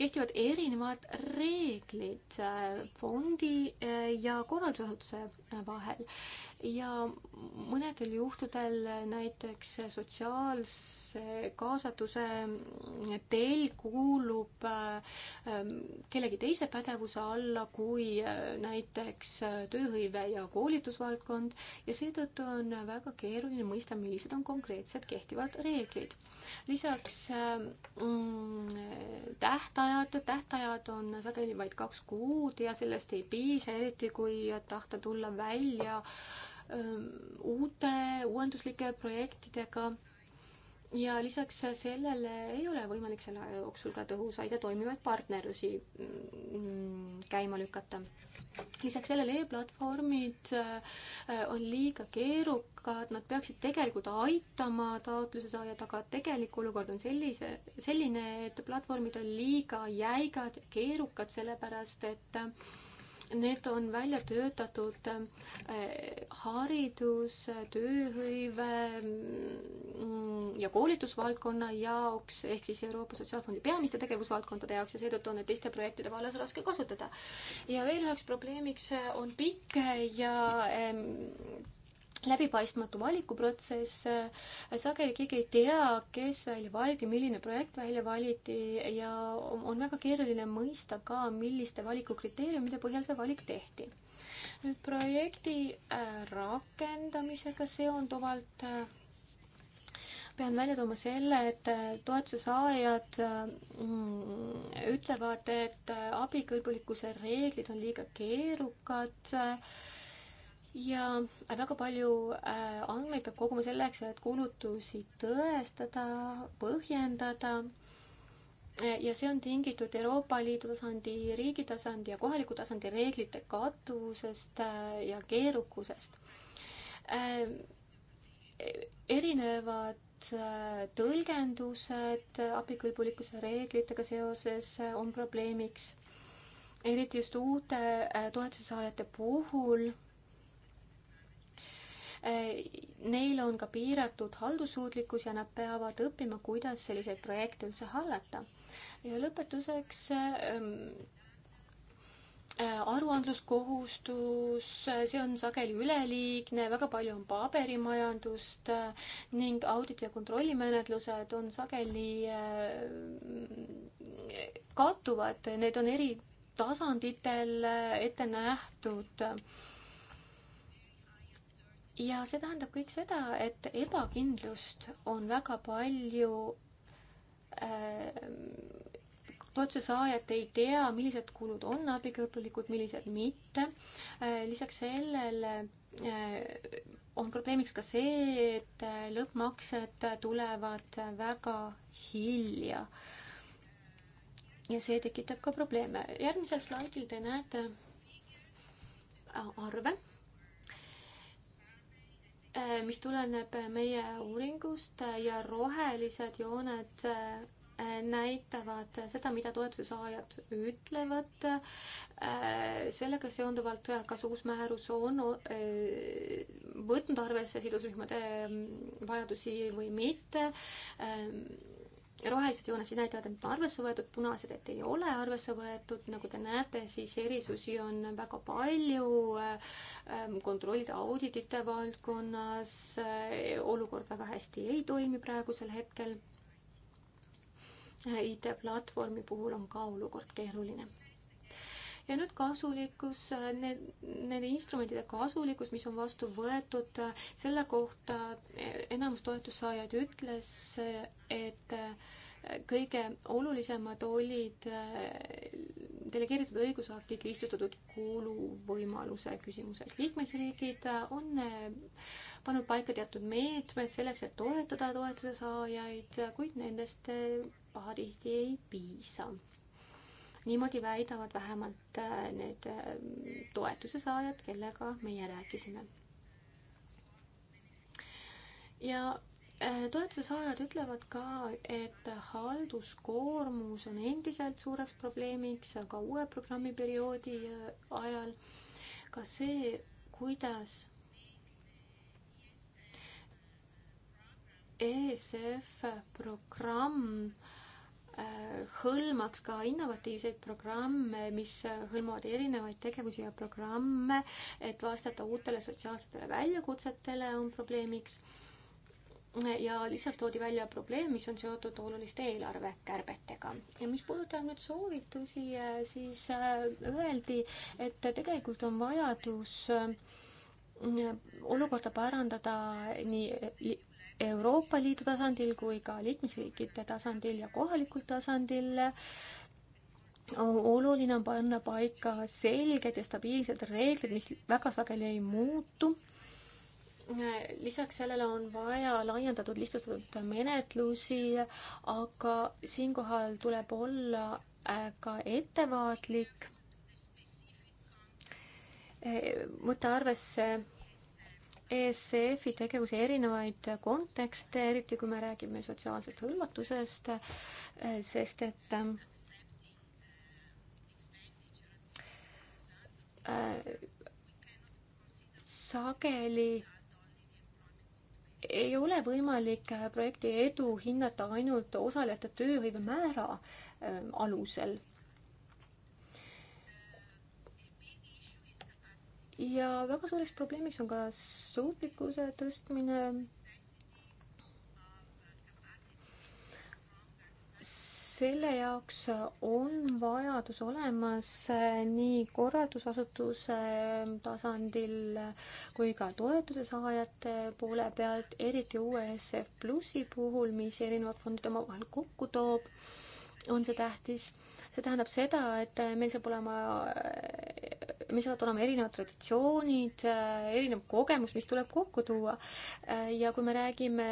kehtivad erinevad reeglid fondi ja korraldusasutuse vahel ja mõnedel juhtudel näiteks sotsiaalse kaasatuse teel kuulub ähm, kellegi teise pädevuse alla kui äh, näiteks äh, tööhõive ja koolitusvaldkond ja seetõttu on väga keeruline mõista, millised on konkreetsed kehtivad reeglid. lisaks ähm, mm, tähtajad, tähtajad on sageli vaid kaks kuud ja sellest ei piisa, eriti kui tahta tulla välja äh, uute uuenduslike projektidega ja lisaks sellele ei ole võimalik selle aja jooksul ka tõhusaid ja toimivaid partnerlusi mm, käima lükata. lisaks sellele e-platvormid on liiga keerukad, nad peaksid tegelikult aitama taotluse saajat, aga tegelik olukord on sellise, selline, et platvormid on liiga jäigad ja keerukad, sellepärast et äh, Need on välja töötatud äh, haridus, tööhõive mm, ja koolitusvaldkonna jaoks ehk siis Euroopa Sotsiaalfondi peamiste tegevusvaldkondade jaoks ja seetõttu on neid teiste projektide vallas raske kasutada. ja veel üheks probleemiks on pikk ja ähm, läbipaistmatu valikuprotsess, sageli keegi ei tea, kes välja valiti, milline projekt välja valiti ja on väga keeruline mõista ka, milliste valikukriteeriumide põhjal see valik tehti. nüüd projekti äh, rakendamisega seonduvalt äh, pean välja tooma selle, et äh, toetuse saajad ütlevad, et abikõlbulikkuse reeglid on liiga keerukad ja äh, väga palju äh, andmeid peab koguma selleks, et kulutusi tõestada, põhjendada äh, ja see on tingitud Euroopa Liidu tasandi, riigi tasandi ja kohaliku tasandi reeglite kattuvusest äh, ja keerukusest. erinevad tõlgendused abikõlbulikkuse reeglitega seoses on probleemiks, eriti just uute toetuse saajate puhul Neil on ka piiratud haldussuutlikkus ja nad peavad õppima, kuidas selliseid projekte üldse hallata. ja lõpetuseks ähm, äh, aruandluskohustus, äh, see on sageli üleliigne, väga palju on paberimajandust äh, ning auditi ja kontrollimenetlused on sageli kattuvad, need on eri tasanditel ette nähtud ja see tähendab kõik seda, et ebakindlust on väga palju äh, toetuse saajad ei tea, millised kulud on abikõlblikud, millised mitte. Äh, lisaks sellele äh, on probleemiks ka see, et äh, lõppmaksed tulevad väga hilja. ja see tekitab ka probleeme. järgmisel slaidil te näete arve Äh, mis tuleneb äh, meie uuringust äh, ja rohelised jooned näitavad seda, mida toetuse saajad ütlevad. sellega seonduvalt, kas uus määrus on võtnud arvesse sidusrühmade vajadusi või mitte rohelised jooned siis näitavad, et need on arvesse võetud, punased, et ei ole arvesse võetud, nagu te näete, siis erisusi on väga palju, ähm, kontrollida auditite valdkonnas, äh, olukord väga hästi ei toimi praegusel hetkel. Äh, IT-platvormi puhul on ka olukord keeruline ja nüüd kasulikkus, äh, need, nende instrumentide kasulikkus, mis on vastu võetud, äh, selle kohta äh, enamus toetussaajaid ütles, et kõige olulisemad olid delegeeritud õigusaktid lihtsustatud kuluvõimaluse küsimuses. liikmesriigid on pannud paika teatud meetmed selleks, et toetada toetuse saajaid, kuid nendest pahatihti ei piisa niimoodi väidavad vähemalt äh, need äh, toetuse saajad, kellega meie rääkisime. ja äh, toetuse saajad ütlevad ka, et halduskoormus on endiselt suureks probleemiks ka uue programmiperioodi ajal. ka see, kuidas ESF programm äh, hõlmaks ka innovatiivseid programme, mis hõlmavad erinevaid tegevusi ja programme, et vastata uutele sotsiaalsetele väljakutsetele, on probleemiks. ja lisaks toodi välja probleem, mis on seotud oluliste eelarvekärbetega. ja mis puudutab nüüd soovitusi, siis äh, öeldi, et tegelikult on vajadus äh, olukorda parandada nii Euroopa Liidu tasandil kui ka liikmesriikide tasandil ja kohalikul tasandil oluline on panna paika selged ja stabiilsed reeglid, mis väga sageli ei muutu. lisaks sellele on vaja laiendatud lihtsustatud menetlusi, aga siinkohal tuleb olla äh, ka ettevaatlik, võtta arvesse ESF-i tegevuse erinevaid kontekste, eriti kui me räägime sotsiaalsest hõlmatusest, eh, sest et eh, sageli ei ole võimalik projekti edu hinnata ainult osalejate tööhõive määra eh, alusel. ja väga suureks probleemiks on ka suutlikkuse tõstmine. selle jaoks on vajadus olemas nii korraldusasutuse tasandil kui ka toetuse saajate poole pealt, eriti USF Plussi puhul, mis erinevad fondid omavahel kokku toob, on see tähtis see tähendab seda, et meil saab olema, meil saavad olema erinevad traditsioonid, erinev kogemus, mis tuleb kokku tuua. ja kui me räägime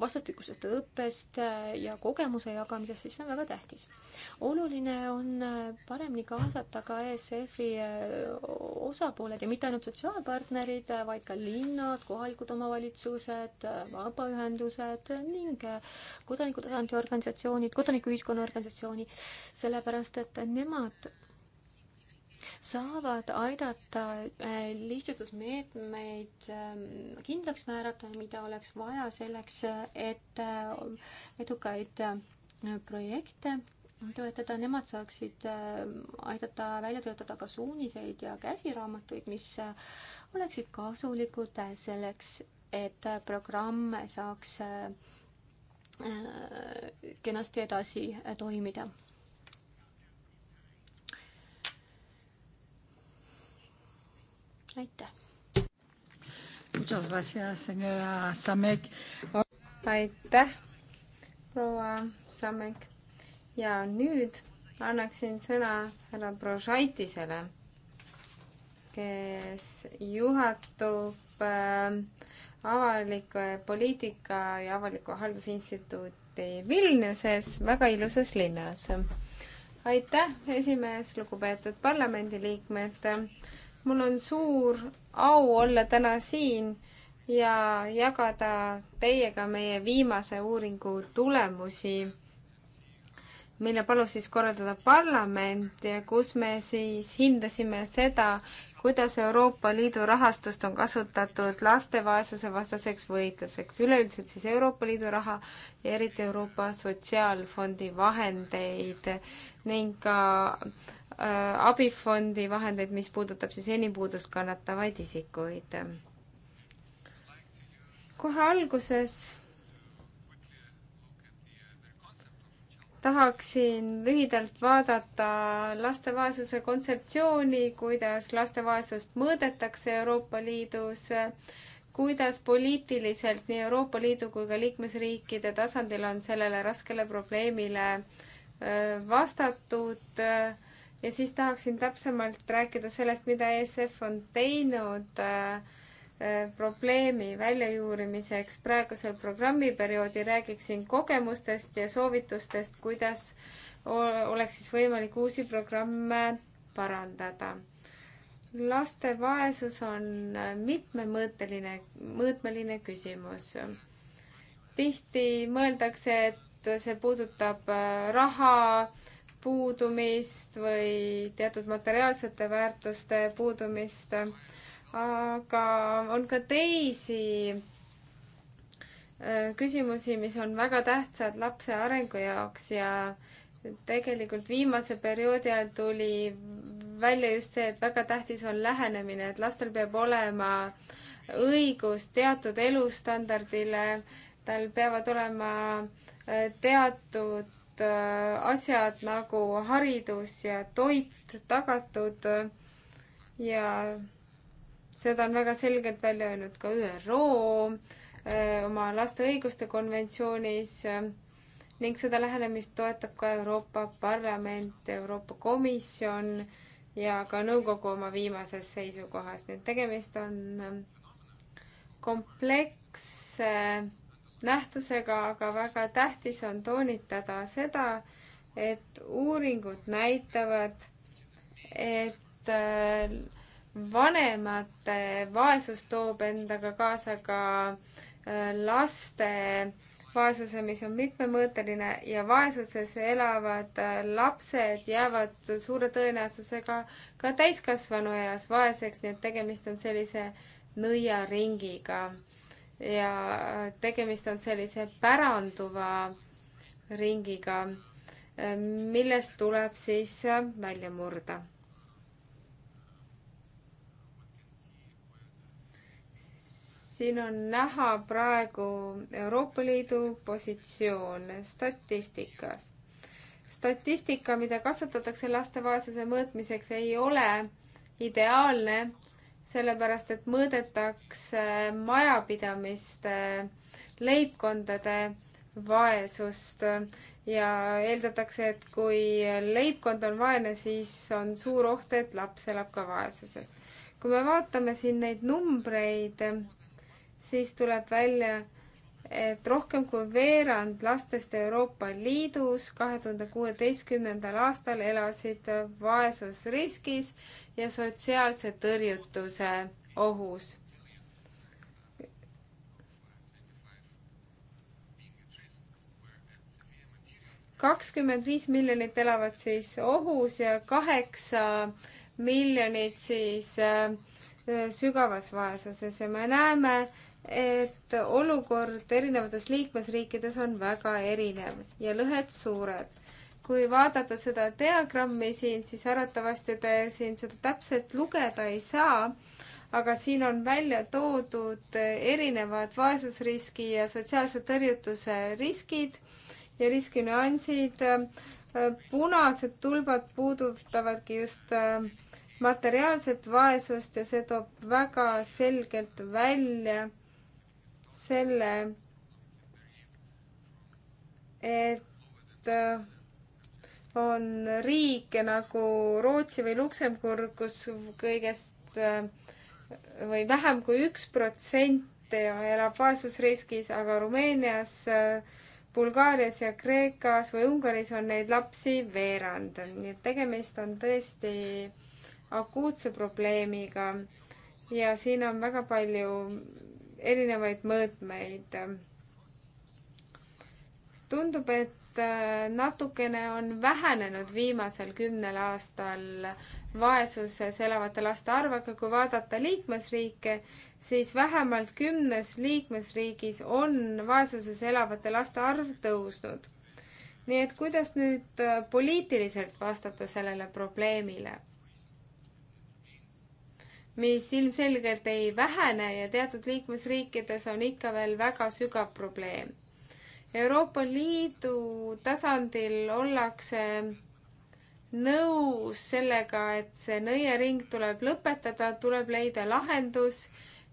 vastastikusest õppest äh, ja kogemuse jagamisest, siis see on väga tähtis. oluline on äh, paremini kaasata ka ESF-i äh, osapooled ja mitte ainult sotsiaalpartnerid, vaid ka linnad, kohalikud omavalitsused, vabaühendused ning kodanikutasandi organisatsioonid, kodanikuühiskonna organisatsiooni, sellepärast et nemad saavad aidata äh, lihtsustusmeetmeid ähm, kindlaks määrata, mida oleks vaja selleks, et äh, edukaid äh, projekte toetada, nemad saaksid aidata välja töötada ka suuniseid ja käsiraamatuid, mis oleksid kasulikud selleks, et programm saaks kenasti edasi toimida
aitäh! aitäh, proua Samek! ja nüüd annaksin sõna härra Brožaitisele, kes juhatub äh, avaliku poliitika ja avaliku halduse instituuti Vilniuses, väga ilusas linnas. aitäh, esimees, lugupeetud parlamendiliikmed mul on suur au olla täna siin ja jagada teiega meie viimase uuringu tulemusi, mille palus siis korraldada parlament ja kus me siis hindasime seda, kuidas Euroopa Liidu rahastust on kasutatud laste vaesuse vastaseks võitluseks, üleüldiselt siis Euroopa Liidu raha ja eriti Euroopa Sotsiaalfondi vahendeid ning ka äh, Äh, abifondi vahendeid, mis puudutab siis enim puudust kannatavaid isikuid. kohe alguses tahaksin lühidalt vaadata laste vaesuse kontseptsiooni, kuidas laste vaesust mõõdetakse Euroopa Liidus, kuidas poliitiliselt nii Euroopa Liidu kui ka liikmesriikide tasandil on sellele raskele probleemile äh, vastatud ja siis tahaksin täpsemalt rääkida sellest, mida ESF on teinud äh, äh, probleemi väljajuurimiseks praegusel programmiperioodil räägiksin kogemustest ja soovitustest, kuidas oleks siis võimalik uusi programme parandada. laste vaesus on äh, mitmemõõteline, mõõtmeline küsimus. tihti mõeldakse, et see puudutab äh, raha, puudumist või teatud materiaalsete väärtuste puudumist, aga on ka teisi äh, küsimusi, mis on väga tähtsad lapse arengu jaoks ja tegelikult viimase perioodi ajal tuli välja just see, et väga tähtis on lähenemine, et lastel peab olema õigus teatud elustandardile, tal peavad olema äh, teatud Äh, asjad nagu haridus ja toit tagatud äh, ja seda on väga selgelt välja öelnud ka ÜRO äh, oma laste õiguste konventsioonis ning seda lähenemist toetab ka Euroopa Parlament, Euroopa Komisjon ja ka nõukogu oma viimases seisukohas, nii et tegemist on kompleksse äh, nähtusega, aga väga tähtis on toonitada seda, et uuringud näitavad, et äh, vanemate vaesus toob endaga kaasa ka äh, laste vaesuse, mis on mitmemõõteline ja vaesuses elavad äh, lapsed jäävad suure tõenäosusega ka täiskasvanueas vaeseks, nii et tegemist on sellise nõiaringiga ja tegemist on sellise päranduva ringiga, millest tuleb siis välja murda. siin on näha praegu Euroopa Liidu positsioon statistikas. statistika, mida kasutatakse laste vaesuse mõõtmiseks, ei ole ideaalne sellepärast et mõõdetakse majapidamiste, leibkondade vaesust ja eeldatakse, et kui leibkond on vaene, siis on suur oht, et laps elab ka vaesuses. kui me vaatame siin neid numbreid, siis tuleb välja, et rohkem kui veerand lastest Euroopa Liidus kahe tuhande kuueteistkümnendal aastal elasid vaesusriskis ja sotsiaalse tõrjutuse ohus. kakskümmend viis miljonit elavad siis ohus ja kaheksa miljonit siis äh, sügavas vaesuses ja me näeme, et olukord erinevates liikmesriikides on väga erinev ja lõhed suured. kui vaadata seda diagrammi siin, siis arvatavasti te siin seda täpselt lugeda ei saa, aga siin on välja toodud erinevad vaesusriski ja sotsiaalse tõrjutuse riskid ja riskinüansid. punased tulbad puudutavadki just äh, materiaalset vaesust ja see toob väga selgelt välja selle, et äh, on riike nagu Rootsi või Luksemburg, kus kõigest äh, või vähem kui üks protsent elab vaesusriskis, aga Rumeenias, äh, Bulgaarias ja Kreekas või Ungaris on neid lapsi veerand, nii et tegemist on tõesti akuutse probleemiga. ja siin on väga palju erinevaid mõõtmeid. tundub, et äh, natukene on vähenenud viimasel kümnel aastal vaesuses elavate laste arv, aga kui vaadata liikmesriike, siis vähemalt kümnes liikmesriigis on vaesuses elavate laste arv tõusnud. nii et kuidas nüüd äh, poliitiliselt vastata sellele probleemile? mis ilmselgelt ei vähene ja teatud liikmesriikides on ikka veel väga sügav probleem. Euroopa Liidu tasandil ollakse nõus sellega, et see nõiering tuleb lõpetada, tuleb leida lahendus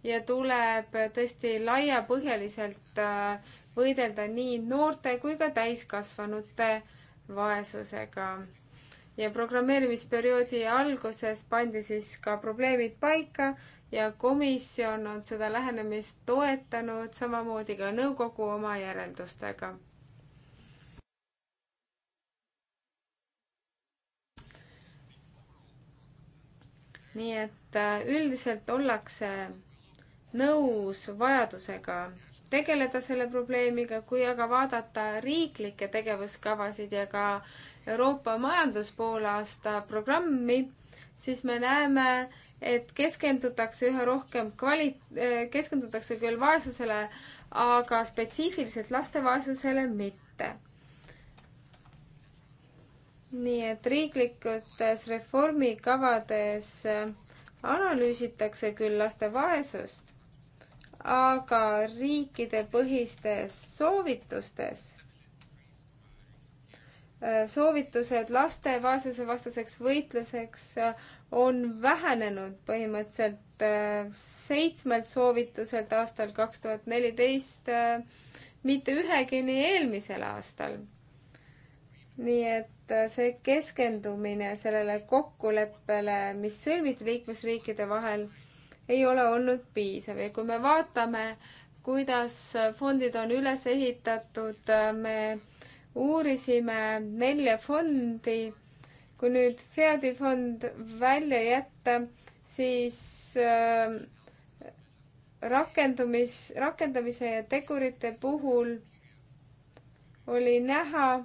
ja tuleb tõesti laiapõhjaliselt äh, võidelda nii noorte kui ka täiskasvanute vaesusega ja programmeerimisperioodi alguses pandi siis ka probleemid paika ja komisjon on seda lähenemist toetanud, samamoodi ka nõukogu oma järeldustega. nii et äh, üldiselt ollakse nõus vajadusega tegeleda selle probleemiga, kui aga vaadata riiklikke tegevuskavasid ja ka Euroopa majanduspoolaasta programmi, siis me näeme, et keskendutakse üha rohkem kvali-, eh, keskendutakse küll vaesusele, aga spetsiifiliselt laste vaesusele mitte. nii et riiklikutes reformikavades eh, analüüsitakse küll laste vaesust, aga riikidepõhistes soovitustes Äh, soovitused laste vaesusevastaseks võitluseks äh, on vähenenud põhimõtteliselt äh, seitsmelt soovituselt aastal kaks tuhat neliteist mitte ühegini eelmisel aastal. nii et see keskendumine sellele kokkuleppele, mis sõlmiti liikmesriikide vahel, ei ole olnud piisav ja kui me vaatame, kuidas fondid on üles ehitatud, me uurisime nelja fondi. kui nüüd FEAD-i fond välja jätta, siis äh, rakendumis, rakendamise ja tegurite puhul oli näha,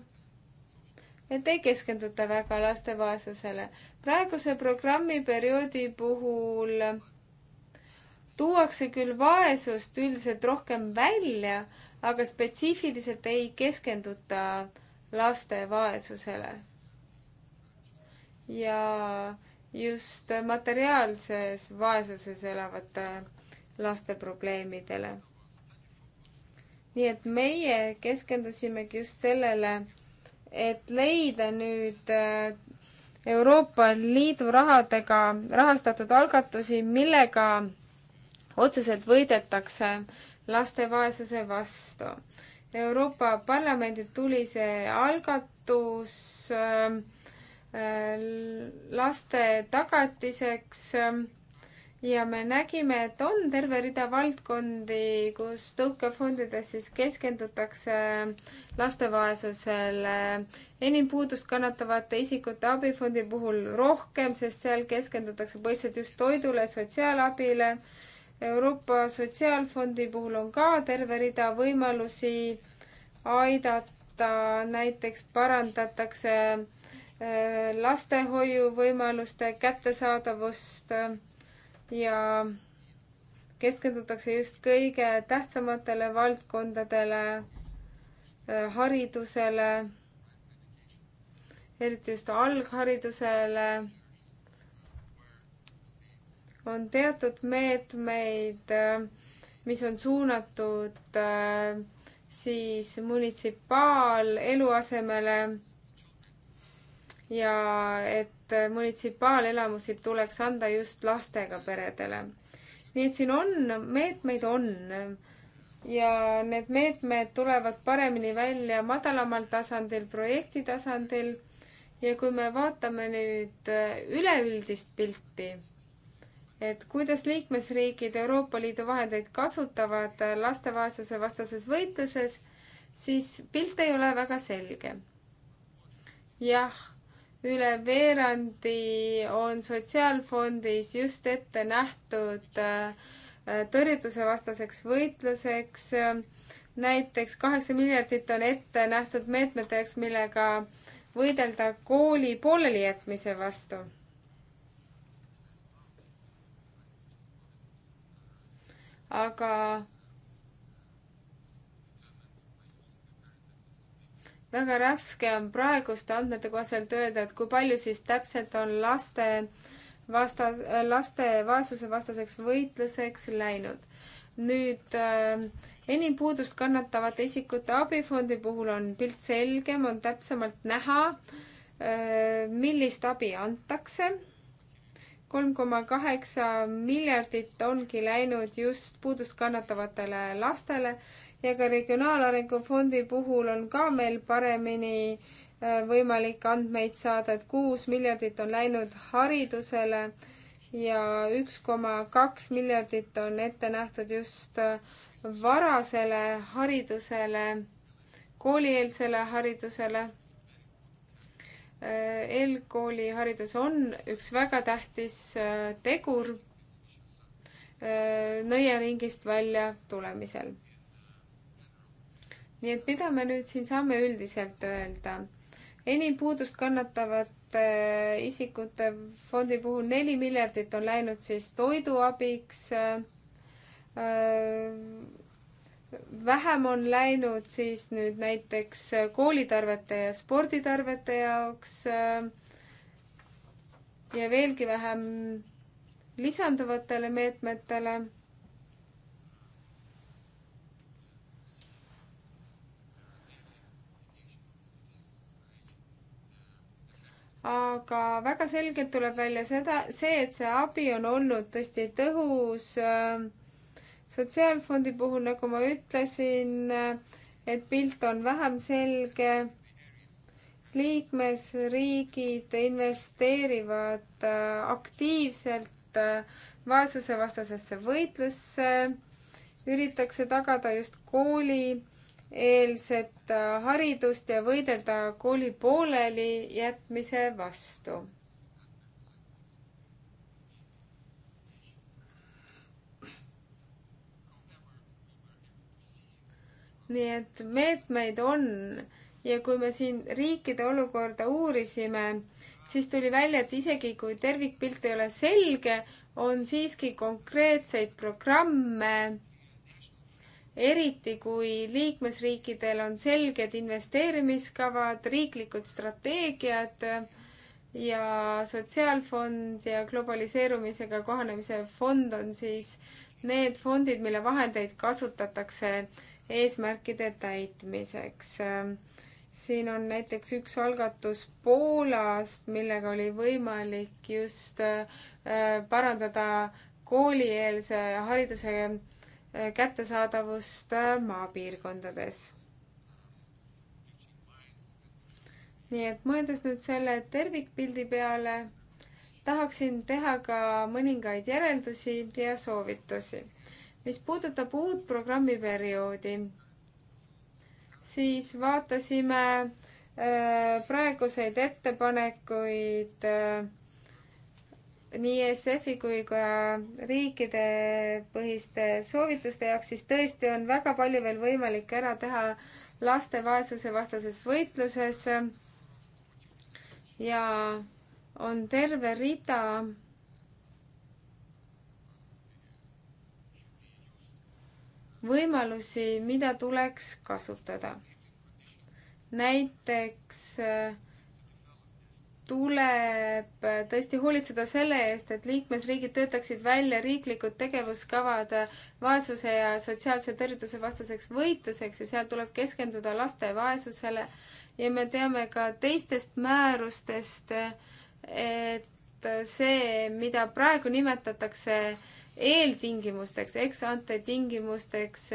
et ei keskenduta väga laste vaesusele. praeguse programmiperioodi puhul tuuakse küll vaesust üldiselt rohkem välja, aga spetsiifiliselt ei keskenduta laste vaesusele. ja just materiaalses vaesuses elavate laste probleemidele. nii et meie keskendusimegi just sellele, et leida nüüd äh, Euroopa Liidu rahadega rahastatud algatusi, millega otseselt võidetakse äh, laste vaesuse vastu. Euroopa Parlamendi tuli see algatus ähm, äh, laste tagatiseks ähm, ja me nägime, et on terve rida valdkondi, kus tõukefondides siis keskendutakse laste vaesusele. enim puudust kannatavate isikute abifondi puhul rohkem, sest seal keskendutakse põhiliselt just toidule, sotsiaalabile Euroopa Sotsiaalfondi puhul on ka terve rida võimalusi aidata, näiteks parandatakse äh, lastehoiuvõimaluste kättesaadavust äh, ja keskendutakse just kõige tähtsamatele valdkondadele, äh, haridusele, eriti just algharidusele on teatud meetmeid, äh, mis on suunatud äh, siis munitsipaaleluasemele ja et munitsipaalelamusid tuleks anda just lastega peredele. nii et siin on, meetmeid on ja need meetmed tulevad paremini välja madalamal tasandil, projekti tasandil. ja kui me vaatame nüüd äh, üleüldist pilti, et kuidas liikmesriigid Euroopa Liidu vahendeid kasutavad laste vaesuse vastases võitluses, siis pilt ei ole väga selge. jah, üle veerandi on sotsiaalfondis just ette nähtud äh, tõrjutusevastaseks võitluseks. näiteks kaheksa miljardit on ette nähtud meetmete jaoks, millega võidelda kooli poolelijätmise vastu aga väga raske on praeguste andmete kohaselt öelda, et kui palju siis täpselt on laste vasta, laste vaesusevastaseks võitluseks läinud. nüüd äh, enim puudust kannatavate isikute abifondi puhul on pilt selgem, on täpsemalt näha äh,, millist abi antakse kolm koma kaheksa miljardit ongi läinud just puudust kannatavatele lastele ja ka Regionaalarengu Fondi puhul on ka meil paremini äh, võimalik andmeid saada, et kuus miljardit on läinud haridusele ja üks koma kaks miljardit on ette nähtud just äh, varasele haridusele, koolieelsele haridusele Äh, eelkooliharidus on üks väga tähtis äh, tegur äh, nõiaringist välja tulemisel. nii et mida me nüüd siin saame üldiselt öelda? enim puudust kannatavate isikute fondi puhul neli miljardit on läinud siis toiduabiks, vähem on läinud siis nüüd näiteks koolitarvete ja sporditarvete jaoks äh, ja veelgi vähem lisanduvatele meetmetele. aga väga selgelt tuleb välja seda, see, et see abi on olnud tõesti tõhus äh, sotsiaalfondi puhul, nagu ma ütlesin, et pilt on vähem selge. liikmesriigid investeerivad äh, aktiivselt äh, vaesusevastasesse võitlusse, üritatakse tagada just koolieelset äh, haridust ja võidelda kooli pooleli jätmise vastu nii et meetmeid on ja kui me siin riikide olukorda uurisime, siis tuli välja, et isegi kui tervikpilt ei ole selge, on siiski konkreetseid programme, eriti kui liikmesriikidel on selged investeerimiskavad, riiklikud strateegiad ja sotsiaalfond ja globaliseerumisega kohanemise fond on siis need fondid, mille vahendeid kasutatakse eesmärkide täitmiseks. siin on näiteks üks algatus Poolast, millega oli võimalik just äh, parandada koolieelse hariduse äh, kättesaadavust äh, maapiirkondades. nii et mõeldes nüüd selle tervikpildi peale, tahaksin teha ka mõningaid järeldusi ja soovitusi mis puudutab uut programmiperioodi, siis vaatasime äh, praeguseid ettepanekuid äh, nii ESF-i kui ka riikidepõhiste soovituste jaoks, siis tõesti on väga palju veel võimalik ära teha laste vaesuse vastases võitluses. ja on terve rida võimalusi, mida tuleks kasutada. näiteks tuleb tõesti hoolitseda selle eest, et liikmesriigid töötaksid välja riiklikud tegevuskavad vaesuse ja sotsiaalse tõrjutuse vastaseks võitluseks ja seal tuleb keskenduda laste vaesusele. ja me teame ka teistest määrustest, et see, mida praegu nimetatakse äh, eeltingimusteks, ex-ante tingimusteks,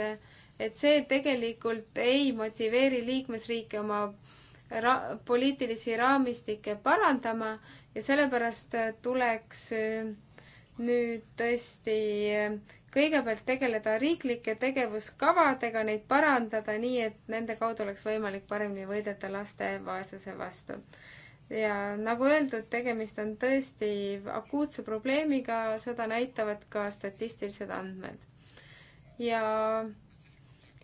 et see tegelikult ei motiveeri liikmesriike oma ra-, poliitilisi raamistikke parandama ja sellepärast tuleks nüüd tõesti kõigepealt tegeleda riiklike tegevuskavadega, neid parandada nii, et nende kaudu oleks võimalik paremini võidelda laste vaesuse vastu ja nagu öeldud, tegemist on tõesti akuutse probleemiga, seda näitavad ka statistilised andmed. ja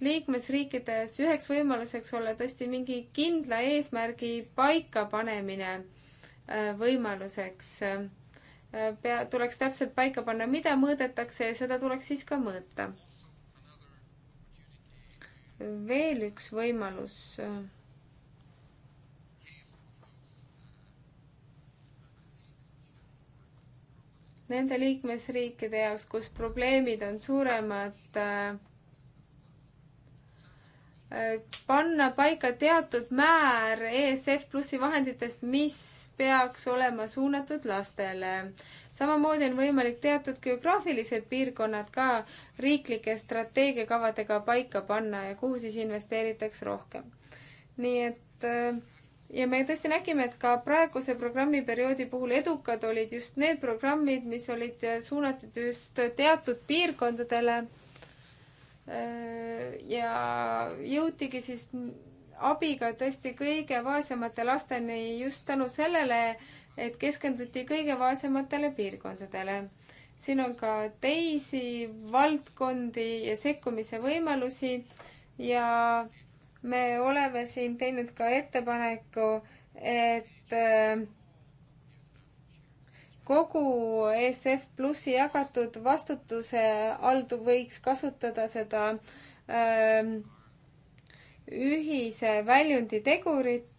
liikmesriikides üheks võimaluseks olla tõesti mingi kindla eesmärgi paikapanemine äh, võimaluseks. Äh, pea, tuleks täpselt paika panna, mida mõõdetakse ja seda tuleks siis ka mõõta. veel üks võimalus äh, nende liikmesriikide jaoks, kus probleemid on suuremad, äh, panna paika teatud määr ESF Plussi vahenditest, mis peaks olema suunatud lastele. samamoodi on võimalik teatud geograafilised piirkonnad ka riiklike strateegiakavadega paika panna ja kuhu siis investeeritakse rohkem. nii et äh, ja me tõesti nägime, et ka praeguse programmiperioodi puhul edukad olid just need programmid, mis olid suunatud just teatud piirkondadele. ja jõutigi siis abiga tõesti kõige vaesemate lasteni just tänu sellele, et keskenduti kõige vaesematele piirkondadele. siin on ka teisi valdkondi ja sekkumise võimalusi ja me oleme siin teinud ka ettepaneku, et äh, kogu ESF Plussi jagatud vastutuse haldu võiks kasutada seda ähm, ühise väljundi tegurit.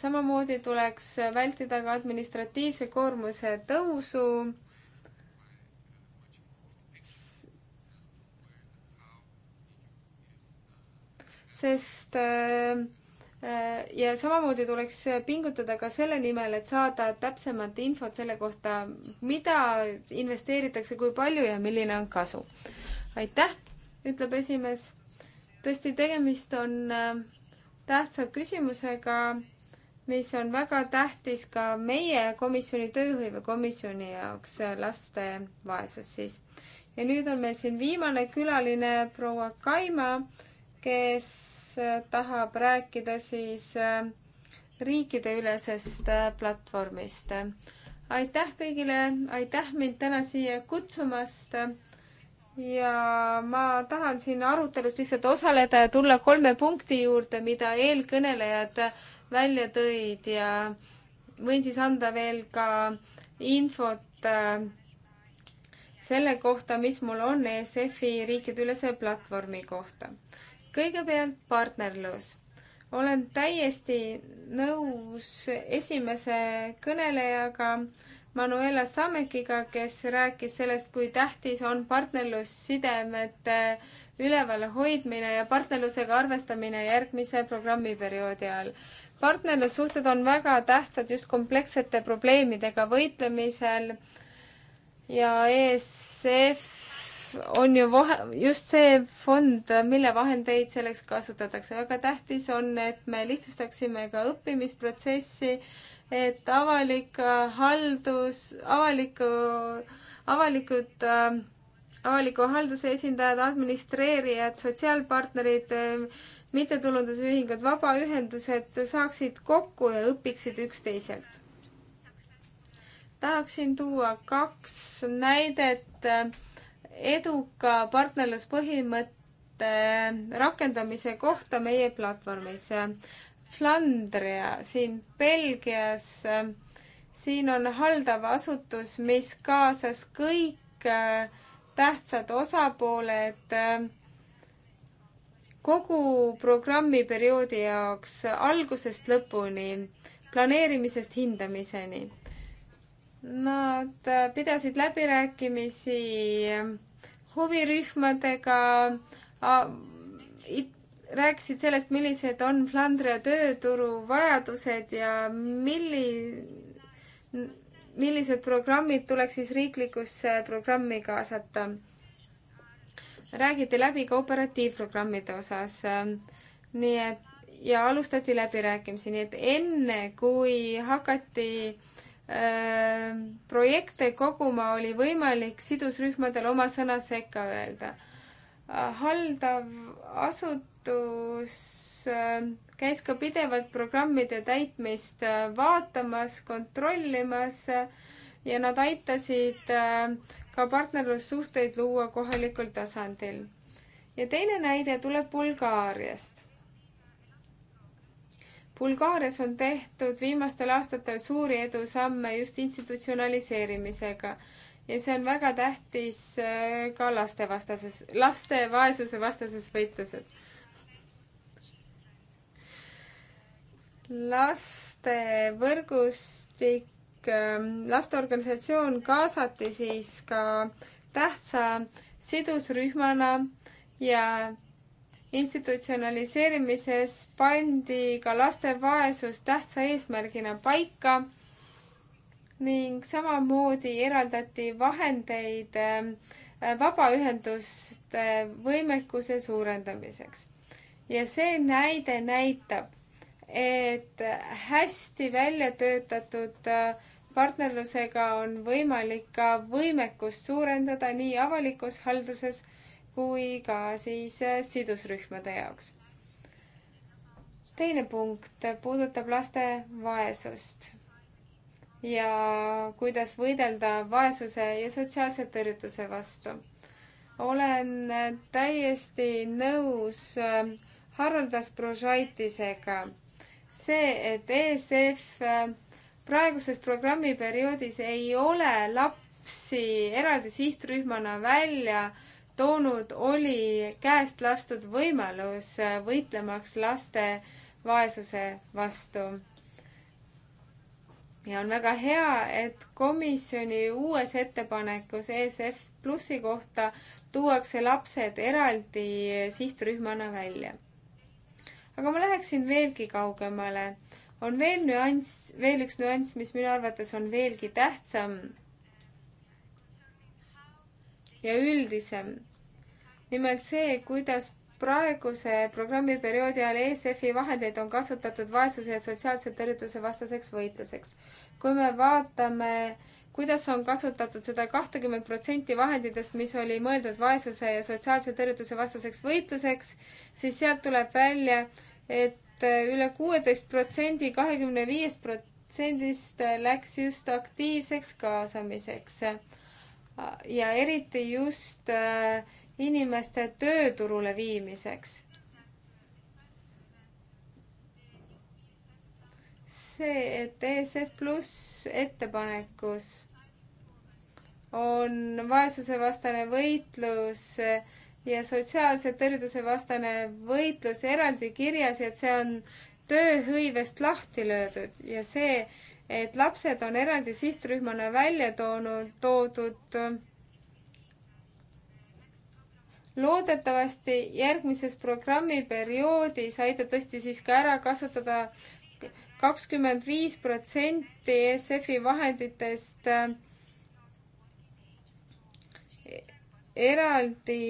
samamoodi tuleks vältida ka administratiivse koormuse tõusu sest äh, äh, ja samamoodi tuleks pingutada ka selle nimel, et saada täpsemat infot selle kohta, mida investeeritakse, kui palju ja milline on kasu. aitäh, ütleb esimees. tõesti, tegemist on äh, tähtsa küsimusega, mis on väga tähtis ka meie komisjoni, tööhõivekomisjoni jaoks, laste vaesus siis. ja nüüd on meil siin viimane külaline, proua Kaima kes äh, tahab rääkida siis äh, riikideülesest äh, platvormist. aitäh kõigile, aitäh mind täna siia kutsumast ja ma tahan siin arutelus lihtsalt osaleda ja tulla kolme punkti juurde, mida eelkõnelejad välja tõid ja võin siis anda veel ka infot selle kohta, mis mul on ESF-i riikideülese platvormi kohta kõigepealt partnerlus. olen täiesti nõus esimese kõnelejaga, Manuela Samekiga, kes rääkis sellest, kui tähtis on partnerlussidemete ülevalhoidmine ja partnerlusega arvestamine järgmise programmiperioodi ajal partnerlussuhted on väga tähtsad just komplekssete probleemidega võitlemisel ja ESF on ju vahe, just see fond, mille vahendeid selleks kasutatakse. väga tähtis on, et me lihtsustaksime ka õppimisprotsessi, et avalik äh, haldus, avaliku, avalikud äh, avaliku halduse esindajad, administreerijad, sotsiaalpartnerid, äh, mittetulundusühingud, vabaühendused saaksid kokku ja õpiksid üksteiselt. tahaksin tuua kaks näidet äh, eduka partnerluspõhimõtte rakendamise kohta meie platvormis. Flandria siin Belgias, siin on haldav asutus, mis kaasas kõik äh, tähtsad osapooled äh, kogu programmiperioodi jaoks algusest lõpuni, planeerimisest hindamiseni Nad pidasid läbirääkimisi huvirühmadega, rääkisid sellest, millised on Flandria tööturu vajadused ja milli-, millised programmid tuleks siis riiklikusse programmi kaasata. räägiti läbi ka operatiivprogrammide osas. nii et ja alustati läbirääkimisi, nii et enne kui hakati äh, Äh, projekte koguma, oli võimalik sidusrühmadel oma sõna sekka öelda. Äh, haldav asutus äh, käis ka pidevalt programmide täitmist vaatamas, kontrollimas ja nad aitasid ka partnerlussuhteid luua kohalikul tasandil. ja teine näide tuleb Bulgaariast Bulgaarias on tehtud viimastel aastatel suuri edusamme just institutsionaliseerimisega ja see on väga tähtis äh, ka lastevastases, laste vaesuse vastases võitluses. laste võrgustik, ähm, lasteorganisatsioon kaasati siis ka tähtsa sidusrühmana ja institutsionaliseerimises pandi ka laste vaesus tähtsa eesmärgina paika ning samamoodi eraldati vahendeid äh, vabaühenduste võimekuse suurendamiseks. ja see näide näitab, et hästi välja töötatud äh, partnerlusega on võimalik ka võimekust suurendada nii avalikus halduses kui ka siis äh, sidusrühmade jaoks. teine punkt puudutab laste vaesust ja kuidas võidelda vaesuse ja sotsiaalse tõrjutuse vastu. olen äh, täiesti nõus äh, Haroldas Brožaitisega. see, et ESF praeguses programmiperioodis ei ole lapsi eraldi sihtrühmana välja äh, toonud, oli käest lastud võimalus võitlemaks laste vaesuse vastu. ja on väga hea, et komisjoni uues ettepanekus ESF Plussi kohta tuuakse lapsed eraldi sihtrühmana välja. aga ma läheksin veelgi kaugemale. on veel nüanss, veel üks nüanss, mis minu arvates on veelgi tähtsam ja üldisem nimelt see, kuidas praeguse programmiperioodi ajal ESF-i vahendeid on kasutatud vaesuse ja sotsiaalse tõrjutuse vastaseks võitluseks. kui me vaatame, kuidas on kasutatud seda kahtekümmet protsenti vahenditest, mis oli mõeldud vaesuse ja sotsiaalse tõrjutuse vastaseks võitluseks, siis sealt tuleb välja, et üle kuueteist protsendi kahekümne viiest protsendist läks just aktiivseks kaasamiseks. ja eriti just äh, inimeste tööturule viimiseks. see, et ESF pluss ettepanekus on vaesusevastane võitlus ja sotsiaalse tõrjutuse vastane võitlus eraldi kirjas ja et see on tööhõivest lahti löödud ja see, et lapsed on eraldi sihtrühmana välja toonud, toodud loodetavasti järgmises programmiperioodis aidatavasti siis ka ära kasutada kakskümmend viis protsenti ESF-i vahenditest eh, eraldi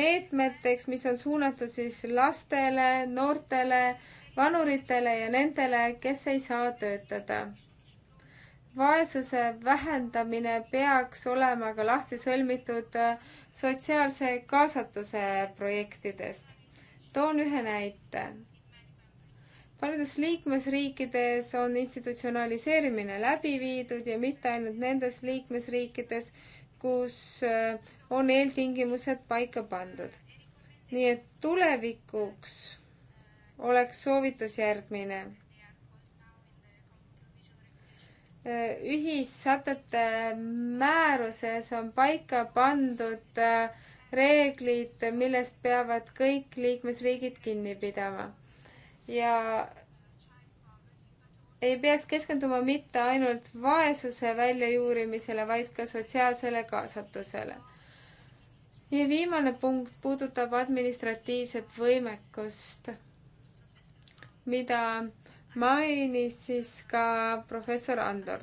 meetmeteks, mis on suunatud siis lastele, noortele, vanuritele ja nendele, kes ei saa töötada vaesuse vähendamine peaks olema ka lahti sõlmitud äh, sotsiaalse kaasatuse projektidest. toon ühe näite. paljudes liikmesriikides on institutsionaliseerimine läbi viidud ja mitte ainult nendes liikmesriikides, kus äh, on eeltingimused paika pandud. nii et tulevikuks oleks soovitus järgmine ühissätete määruses on paika pandud äh, reeglid, millest peavad kõik liikmesriigid kinni pidama. ja ei peaks keskenduma mitte ainult vaesuse väljajuurimisele, vaid ka sotsiaalsele kaasatusele. ja viimane punkt puudutab administratiivset võimekust, mida mainis siis ka professor Andor.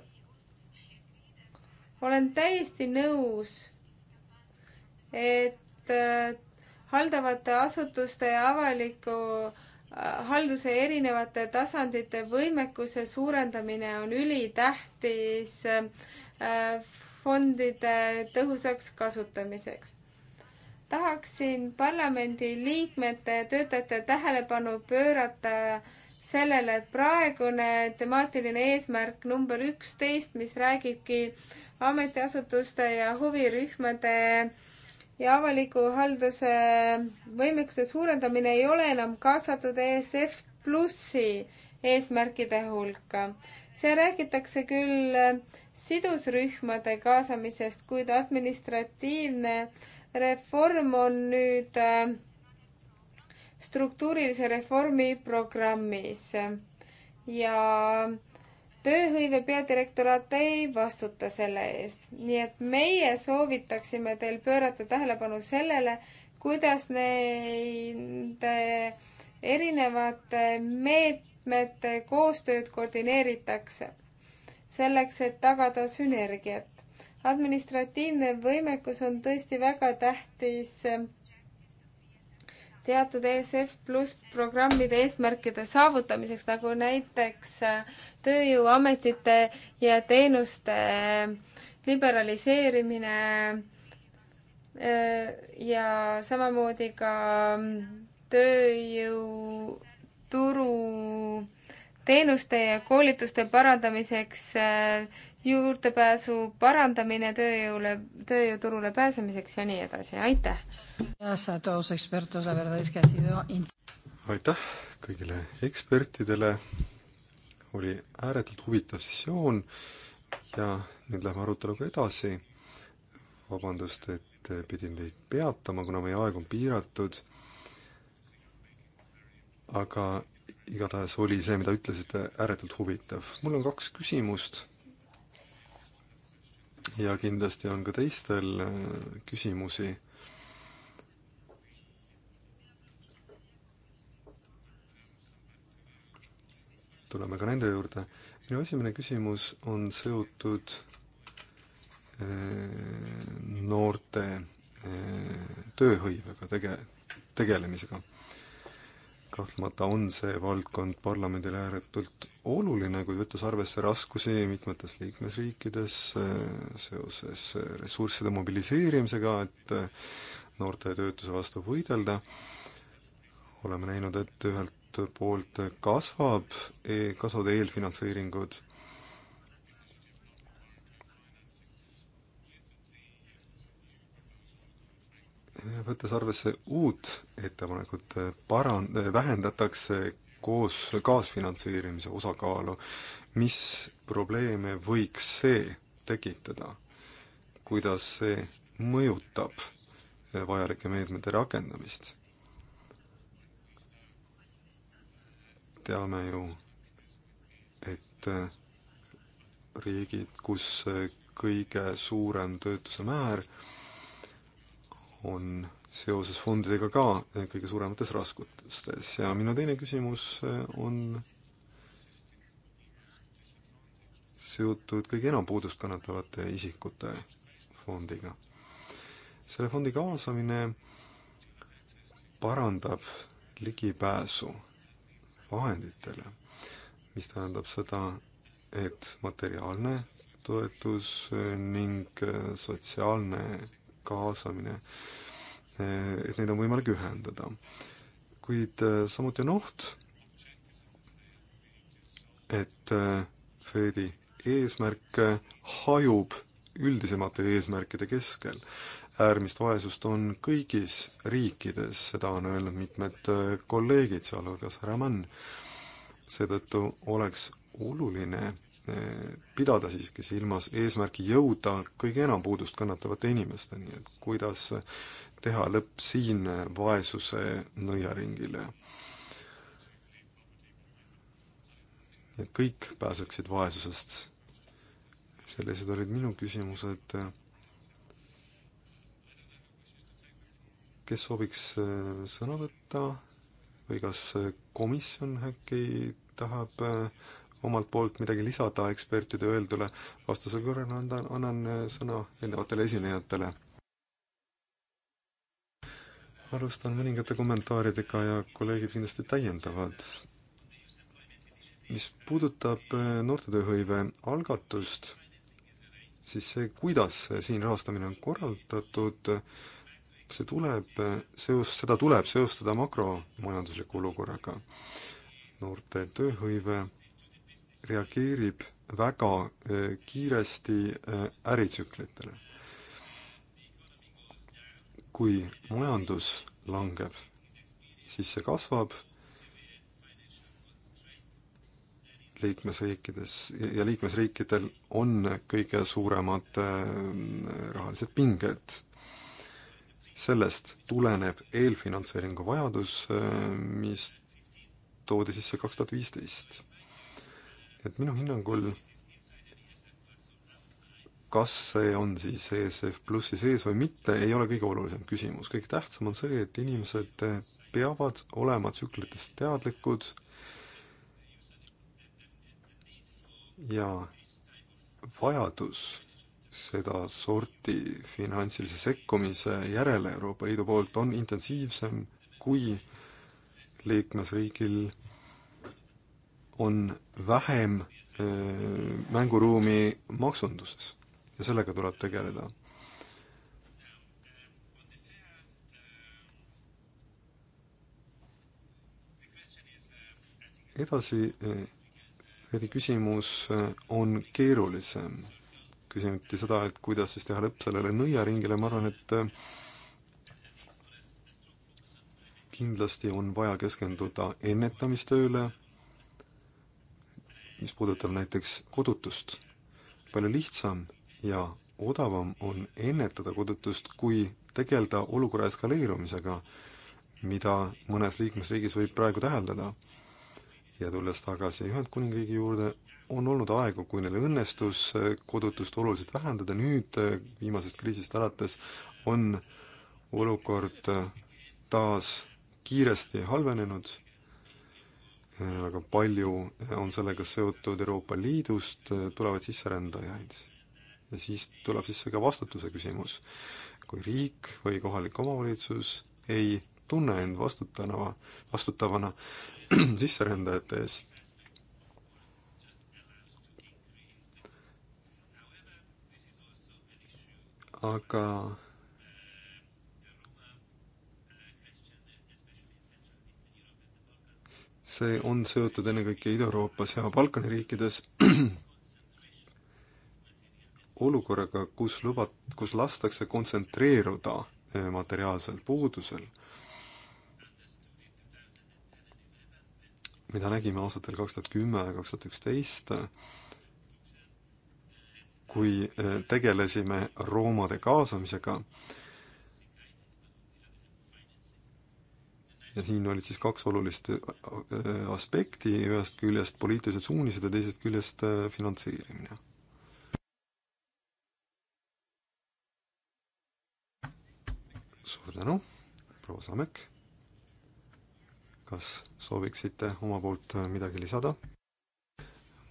olen täiesti nõus, et äh, haldavate asutuste ja avaliku äh, halduse erinevate tasandite võimekuse suurendamine on ülitähtis äh, fondide tõhusaks kasutamiseks. tahaksin parlamendi liikmete ja töötajate tähelepanu pöörata sellele, et praegune temaatiline eesmärk number üksteist, mis räägibki ametiasutuste ja huvirühmade ja avaliku halduse võimekuse suurendamine ei ole enam kaasatud ESF Plussi eesmärkide hulka. see räägitakse küll sidusrühmade kaasamisest, kuid administratiivne reform on nüüd äh, struktuurilise reformi programmis ja tööhõive peadirektoraat ei vastuta selle eest. nii et meie soovitaksime teil pöörata tähelepanu sellele, kuidas nende erinevate meetmete koostööd koordineeritakse, selleks et tagada sünergiat. administratiivne võimekus on tõesti väga tähtis teatud ESF pluss programmide eesmärkide saavutamiseks, nagu näiteks äh, tööjõuametite ja teenuste äh, liberaliseerimine äh, ja samamoodi ka mm, tööjõuturu teenuste ja koolituste parandamiseks juurdepääsu parandamine tööjõule, tööjõuturule pääsemiseks ja nii edasi, aitäh!
aitäh kõigile ekspertidele, oli ääretult huvitav sessioon ja nüüd lähme aruteluga edasi. vabandust, et pidin teid peatama, kuna meie aeg on piiratud, aga igatahes oli see, mida ütlesite, ääretult huvitav. mul on kaks küsimust ja kindlasti on ka teistel äh, küsimusi. tuleme ka nende juurde. minu esimene küsimus on seotud äh, noorte äh, tööhõivega tege-, tegelemisega kahtlemata on see valdkond parlamendile ääretult oluline, kuid võttes arvesse raskusi mitmetes liikmesriikides eh, seoses eh, ressursside mobiliseerimisega, et eh, noorte töötuse vastu võidelda, oleme näinud, et ühelt poolt kasvab, e-, kasvavad eelfinantseeringud võttes arvesse uut ettepanekut, paran-, vähendatakse koos kaasfinantseerimise osakaalu, mis probleeme võiks see tekitada, kuidas see mõjutab vajalike meetmete rakendamist. teame ju, et riigid, kus kõige suurem töötuse määr, on seoses fondidega ka kõige suuremates raskustes ja minu teine küsimus on seotud kõige enam puudust kannatavate isikute fondiga. selle fondi kaasamine parandab ligipääsu vahenditele, mis tähendab seda, et materiaalne toetus ning sotsiaalne kaasamine, et neid on võimalik ühendada. kuid äh, samuti on oht, et äh, Fredi eesmärk äh, hajub üldisemate eesmärkide keskel. äärmist vaesust on kõigis riikides, seda on öelnud mitmed kolleegid, sealhulgas härra Mann. seetõttu oleks oluline pidada siiski silmas eesmärki jõuda kõige enam puudust kannatavate inimesteni, et kuidas teha lõpp siin vaesuse nõiaringile. et kõik pääseksid vaesusest. sellised olid minu küsimused. kes sooviks äh, sõna võtta või kas äh, komisjon äkki tahab äh, omalt poolt midagi lisada ekspertide öeldule, vastasel korral annan, annan äh, sõna eelnevatele esinejatele. alustan mõningate kommentaaridega ja kolleegid kindlasti täiendavad. mis puudutab äh, noortetööhõive algatust, siis see, kuidas siin rahastamine on korraldatud, see tuleb seos, seda tuleb seostada makromajandusliku olukorraga. noorte tööhõive reageerib väga eh, kiiresti eh, äritsüklitele. kui majandus langeb, siis see kasvab liikmesriikides ja liikmesriikidel on kõige suuremad eh, rahalised pinged. sellest tuleneb eelfinantseeringu vajadus, mis toodi sisse kaks tuhat viisteist et minu hinnangul kas see on siis ESF Plussi sees või mitte, ei ole kõige olulisem küsimus. kõige tähtsam on see, et inimesed peavad olema tsüklitest teadlikud ja vajadus sedasorti finantsilise sekkumise järele Euroopa Liidu poolt on intensiivsem, kui liikmesriigil on vähem äh, mänguruumi maksunduses ja sellega tuleb tegeleda. edasi, äh, Eri küsimus äh, on keerulisem. küsiti seda, et kuidas siis teha lõpp sellele nõiaringile, ma arvan, et kindlasti on vaja keskenduda ennetamistööle mis puudutab näiteks kodutust. palju lihtsam ja odavam on ennetada kodutust, kui tegeleda olukorra eskaleerumisega, mida mõnes liikmesriigis võib praegu täheldada. ja tulles tagasi Ühendkuningriigi juurde, on olnud aegu, kui neil õnnestus kodutust oluliselt vähendada, nüüd viimasest kriisist alates on olukord taas kiiresti halvenenud väga palju on sellega seotud Euroopa Liidust tulevaid sisserändajaid. ja siis tuleb sisse ka vastutuse küsimus. kui riik või kohalik omavalitsus ei tunne end vastutana, vastutavana sisserändajate ees, aga see on seotud ennekõike Ida-Euroopas ja Balkani riikides olukorraga, kus lubat-, kus lastakse kontsentreeruda eh, materiaalsel puudusel, mida nägime aastatel kaks tuhat kümme ja kaks tuhat üksteist, kui eh, tegelesime roomade kaasamisega ja siin olid siis kaks olulist äh, äh, aspekti, ühest küljest poliitilised suunised ja teisest küljest äh, finantseerimine. suur tänu, proua Samek. kas sooviksite oma poolt midagi lisada?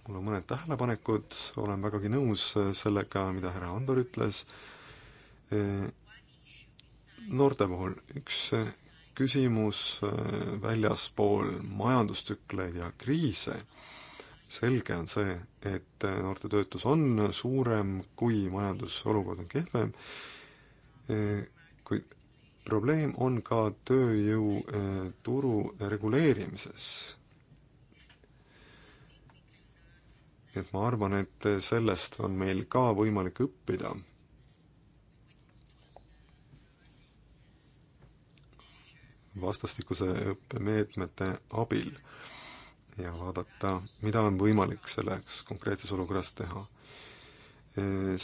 mul on mõned tähelepanekud, olen vägagi nõus sellega, mida härra Andor ütles. noorte puhul üks küsimus äh, väljaspool majandustsükleid ja kriise, selge on see, et äh, noorte töötus on suurem, kui majandusolukord on kehvem, äh, kuid probleem on ka tööjõuturu reguleerimises. et ma arvan, et sellest on meil ka võimalik õppida vastastikuse õppemeetmete abil ja vaadata, mida on võimalik selleks konkreetses olukorras teha.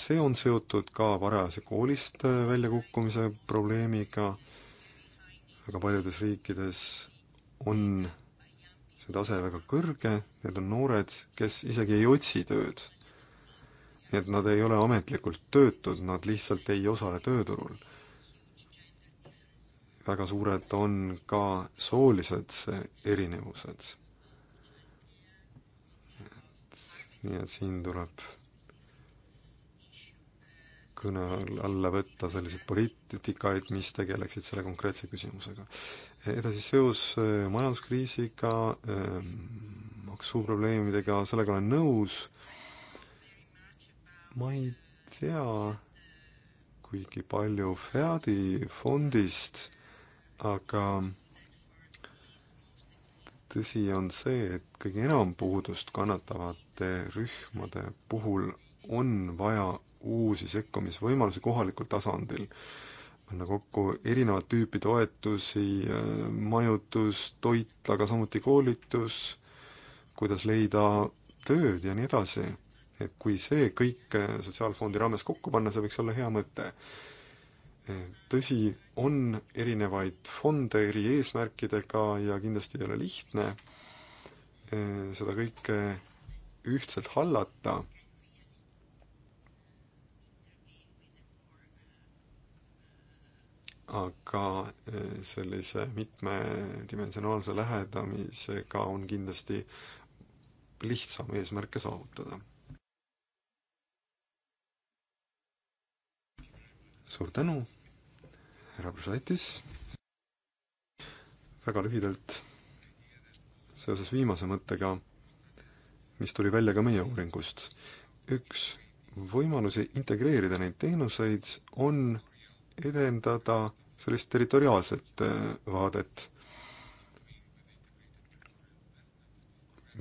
see on seotud ka varajase koolist väljakukkumise probleemiga, väga paljudes riikides on see tase väga kõrge, need on noored, kes isegi ei otsi tööd. nii et nad ei ole ametlikult töötud, nad lihtsalt ei osale tööturul väga suured on ka soolised erinevused. et nii, et siin tuleb kõne alla võtta selliseid poliitikaid, mis tegeleksid selle konkreetse küsimusega. edasi seos äh, majanduskriisiga, ähm, maksuprobleemidega, sellega olen nõus, ma ei tea, kuigi palju FEAD-i fondist äh, aga tõsi on see, et kõige enam puudust kannatavate rühmade puhul on vaja uusi sekkumisvõimalusi kohalikul tasandil. panna kokku erinevat tüüpi toetusi, majutus, toit, aga samuti koolitus, kuidas leida tööd ja nii edasi. et kui see kõik Sotsiaalfondi raames kokku panna, see võiks olla hea mõte tõsi, on erinevaid fonde eri eesmärkidega ja kindlasti ei ole lihtne e, seda kõike ühtselt hallata. aga e, sellise mitmedimensionaalse lähedamisega on kindlasti lihtsam eesmärke saavutada suur tänu, härra Brusaitis. väga lühidalt seoses viimase mõttega, mis tuli välja ka meie uuringust, üks võimalusi integreerida neid teenuseid on edendada sellist territoriaalset äh, vaadet,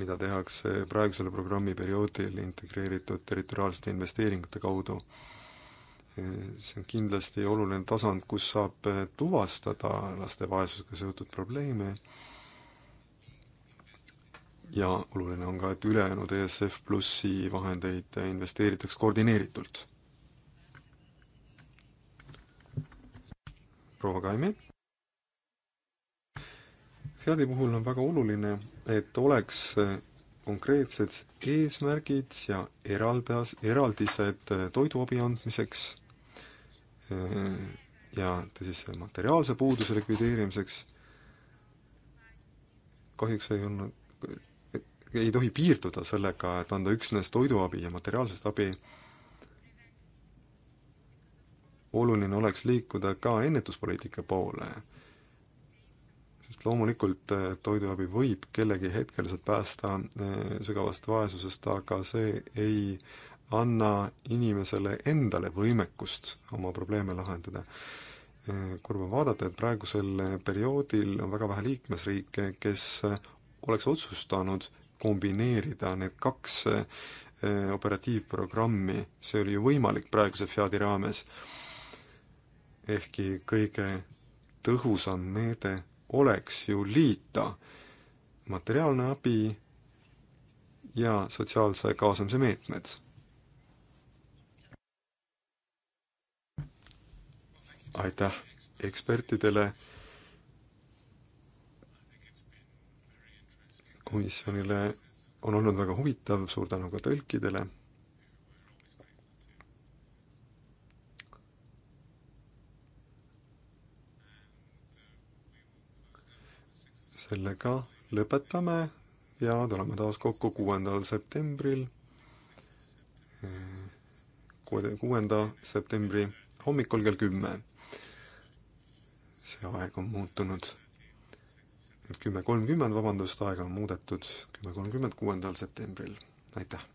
mida tehakse praegusel programmiperioodil integreeritud territoriaalsete investeeringute kaudu see on kindlasti oluline tasand, kus saab eh, tuvastada laste vaesusega seotud probleeme ja oluline on ka, et ülejäänud ESF Plussi vahendeid investeeritaks koordineeritult. proua Kaimi. FIAD-i puhul on väga oluline, et oleks eh, konkreetsed eesmärgid ja eraldas, eraldised eh, toiduabi andmiseks ja tõsise materiaalse puuduse likvideerimiseks kahjuks ei olnud, ei tohi piirduda sellega, et anda üksnes toiduabi ja materiaalsest abi. oluline oleks liikuda ka ennetuspoliitika poole, sest loomulikult eh, toiduabi võib kellegi hetkeliselt päästa eh, sügavast vaesusest, aga see ei anna inimesele endale võimekust oma probleeme lahendada. kurb on vaadata, et praegusel perioodil on väga vähe liikmesriike, kes oleks otsustanud kombineerida need kaks eh, operatiivprogrammi, see oli ju võimalik praeguse FIAD-i raames, ehkki kõige tõhusam meede oleks ju liita materiaalne abi ja sotsiaalse kaasamise meetmed aitäh ekspertidele, komisjonile, on olnud väga huvitav, suur tänu ka tõlkidele. sellega lõpetame ja tuleme taas kokku kuuendal septembril, kuuenda septembri hommikul kell kümme see aeg on muutunud. kümme kolmkümmend, vabandust, aega on muudetud kümme kolmkümmend kuuendal septembril, aitäh!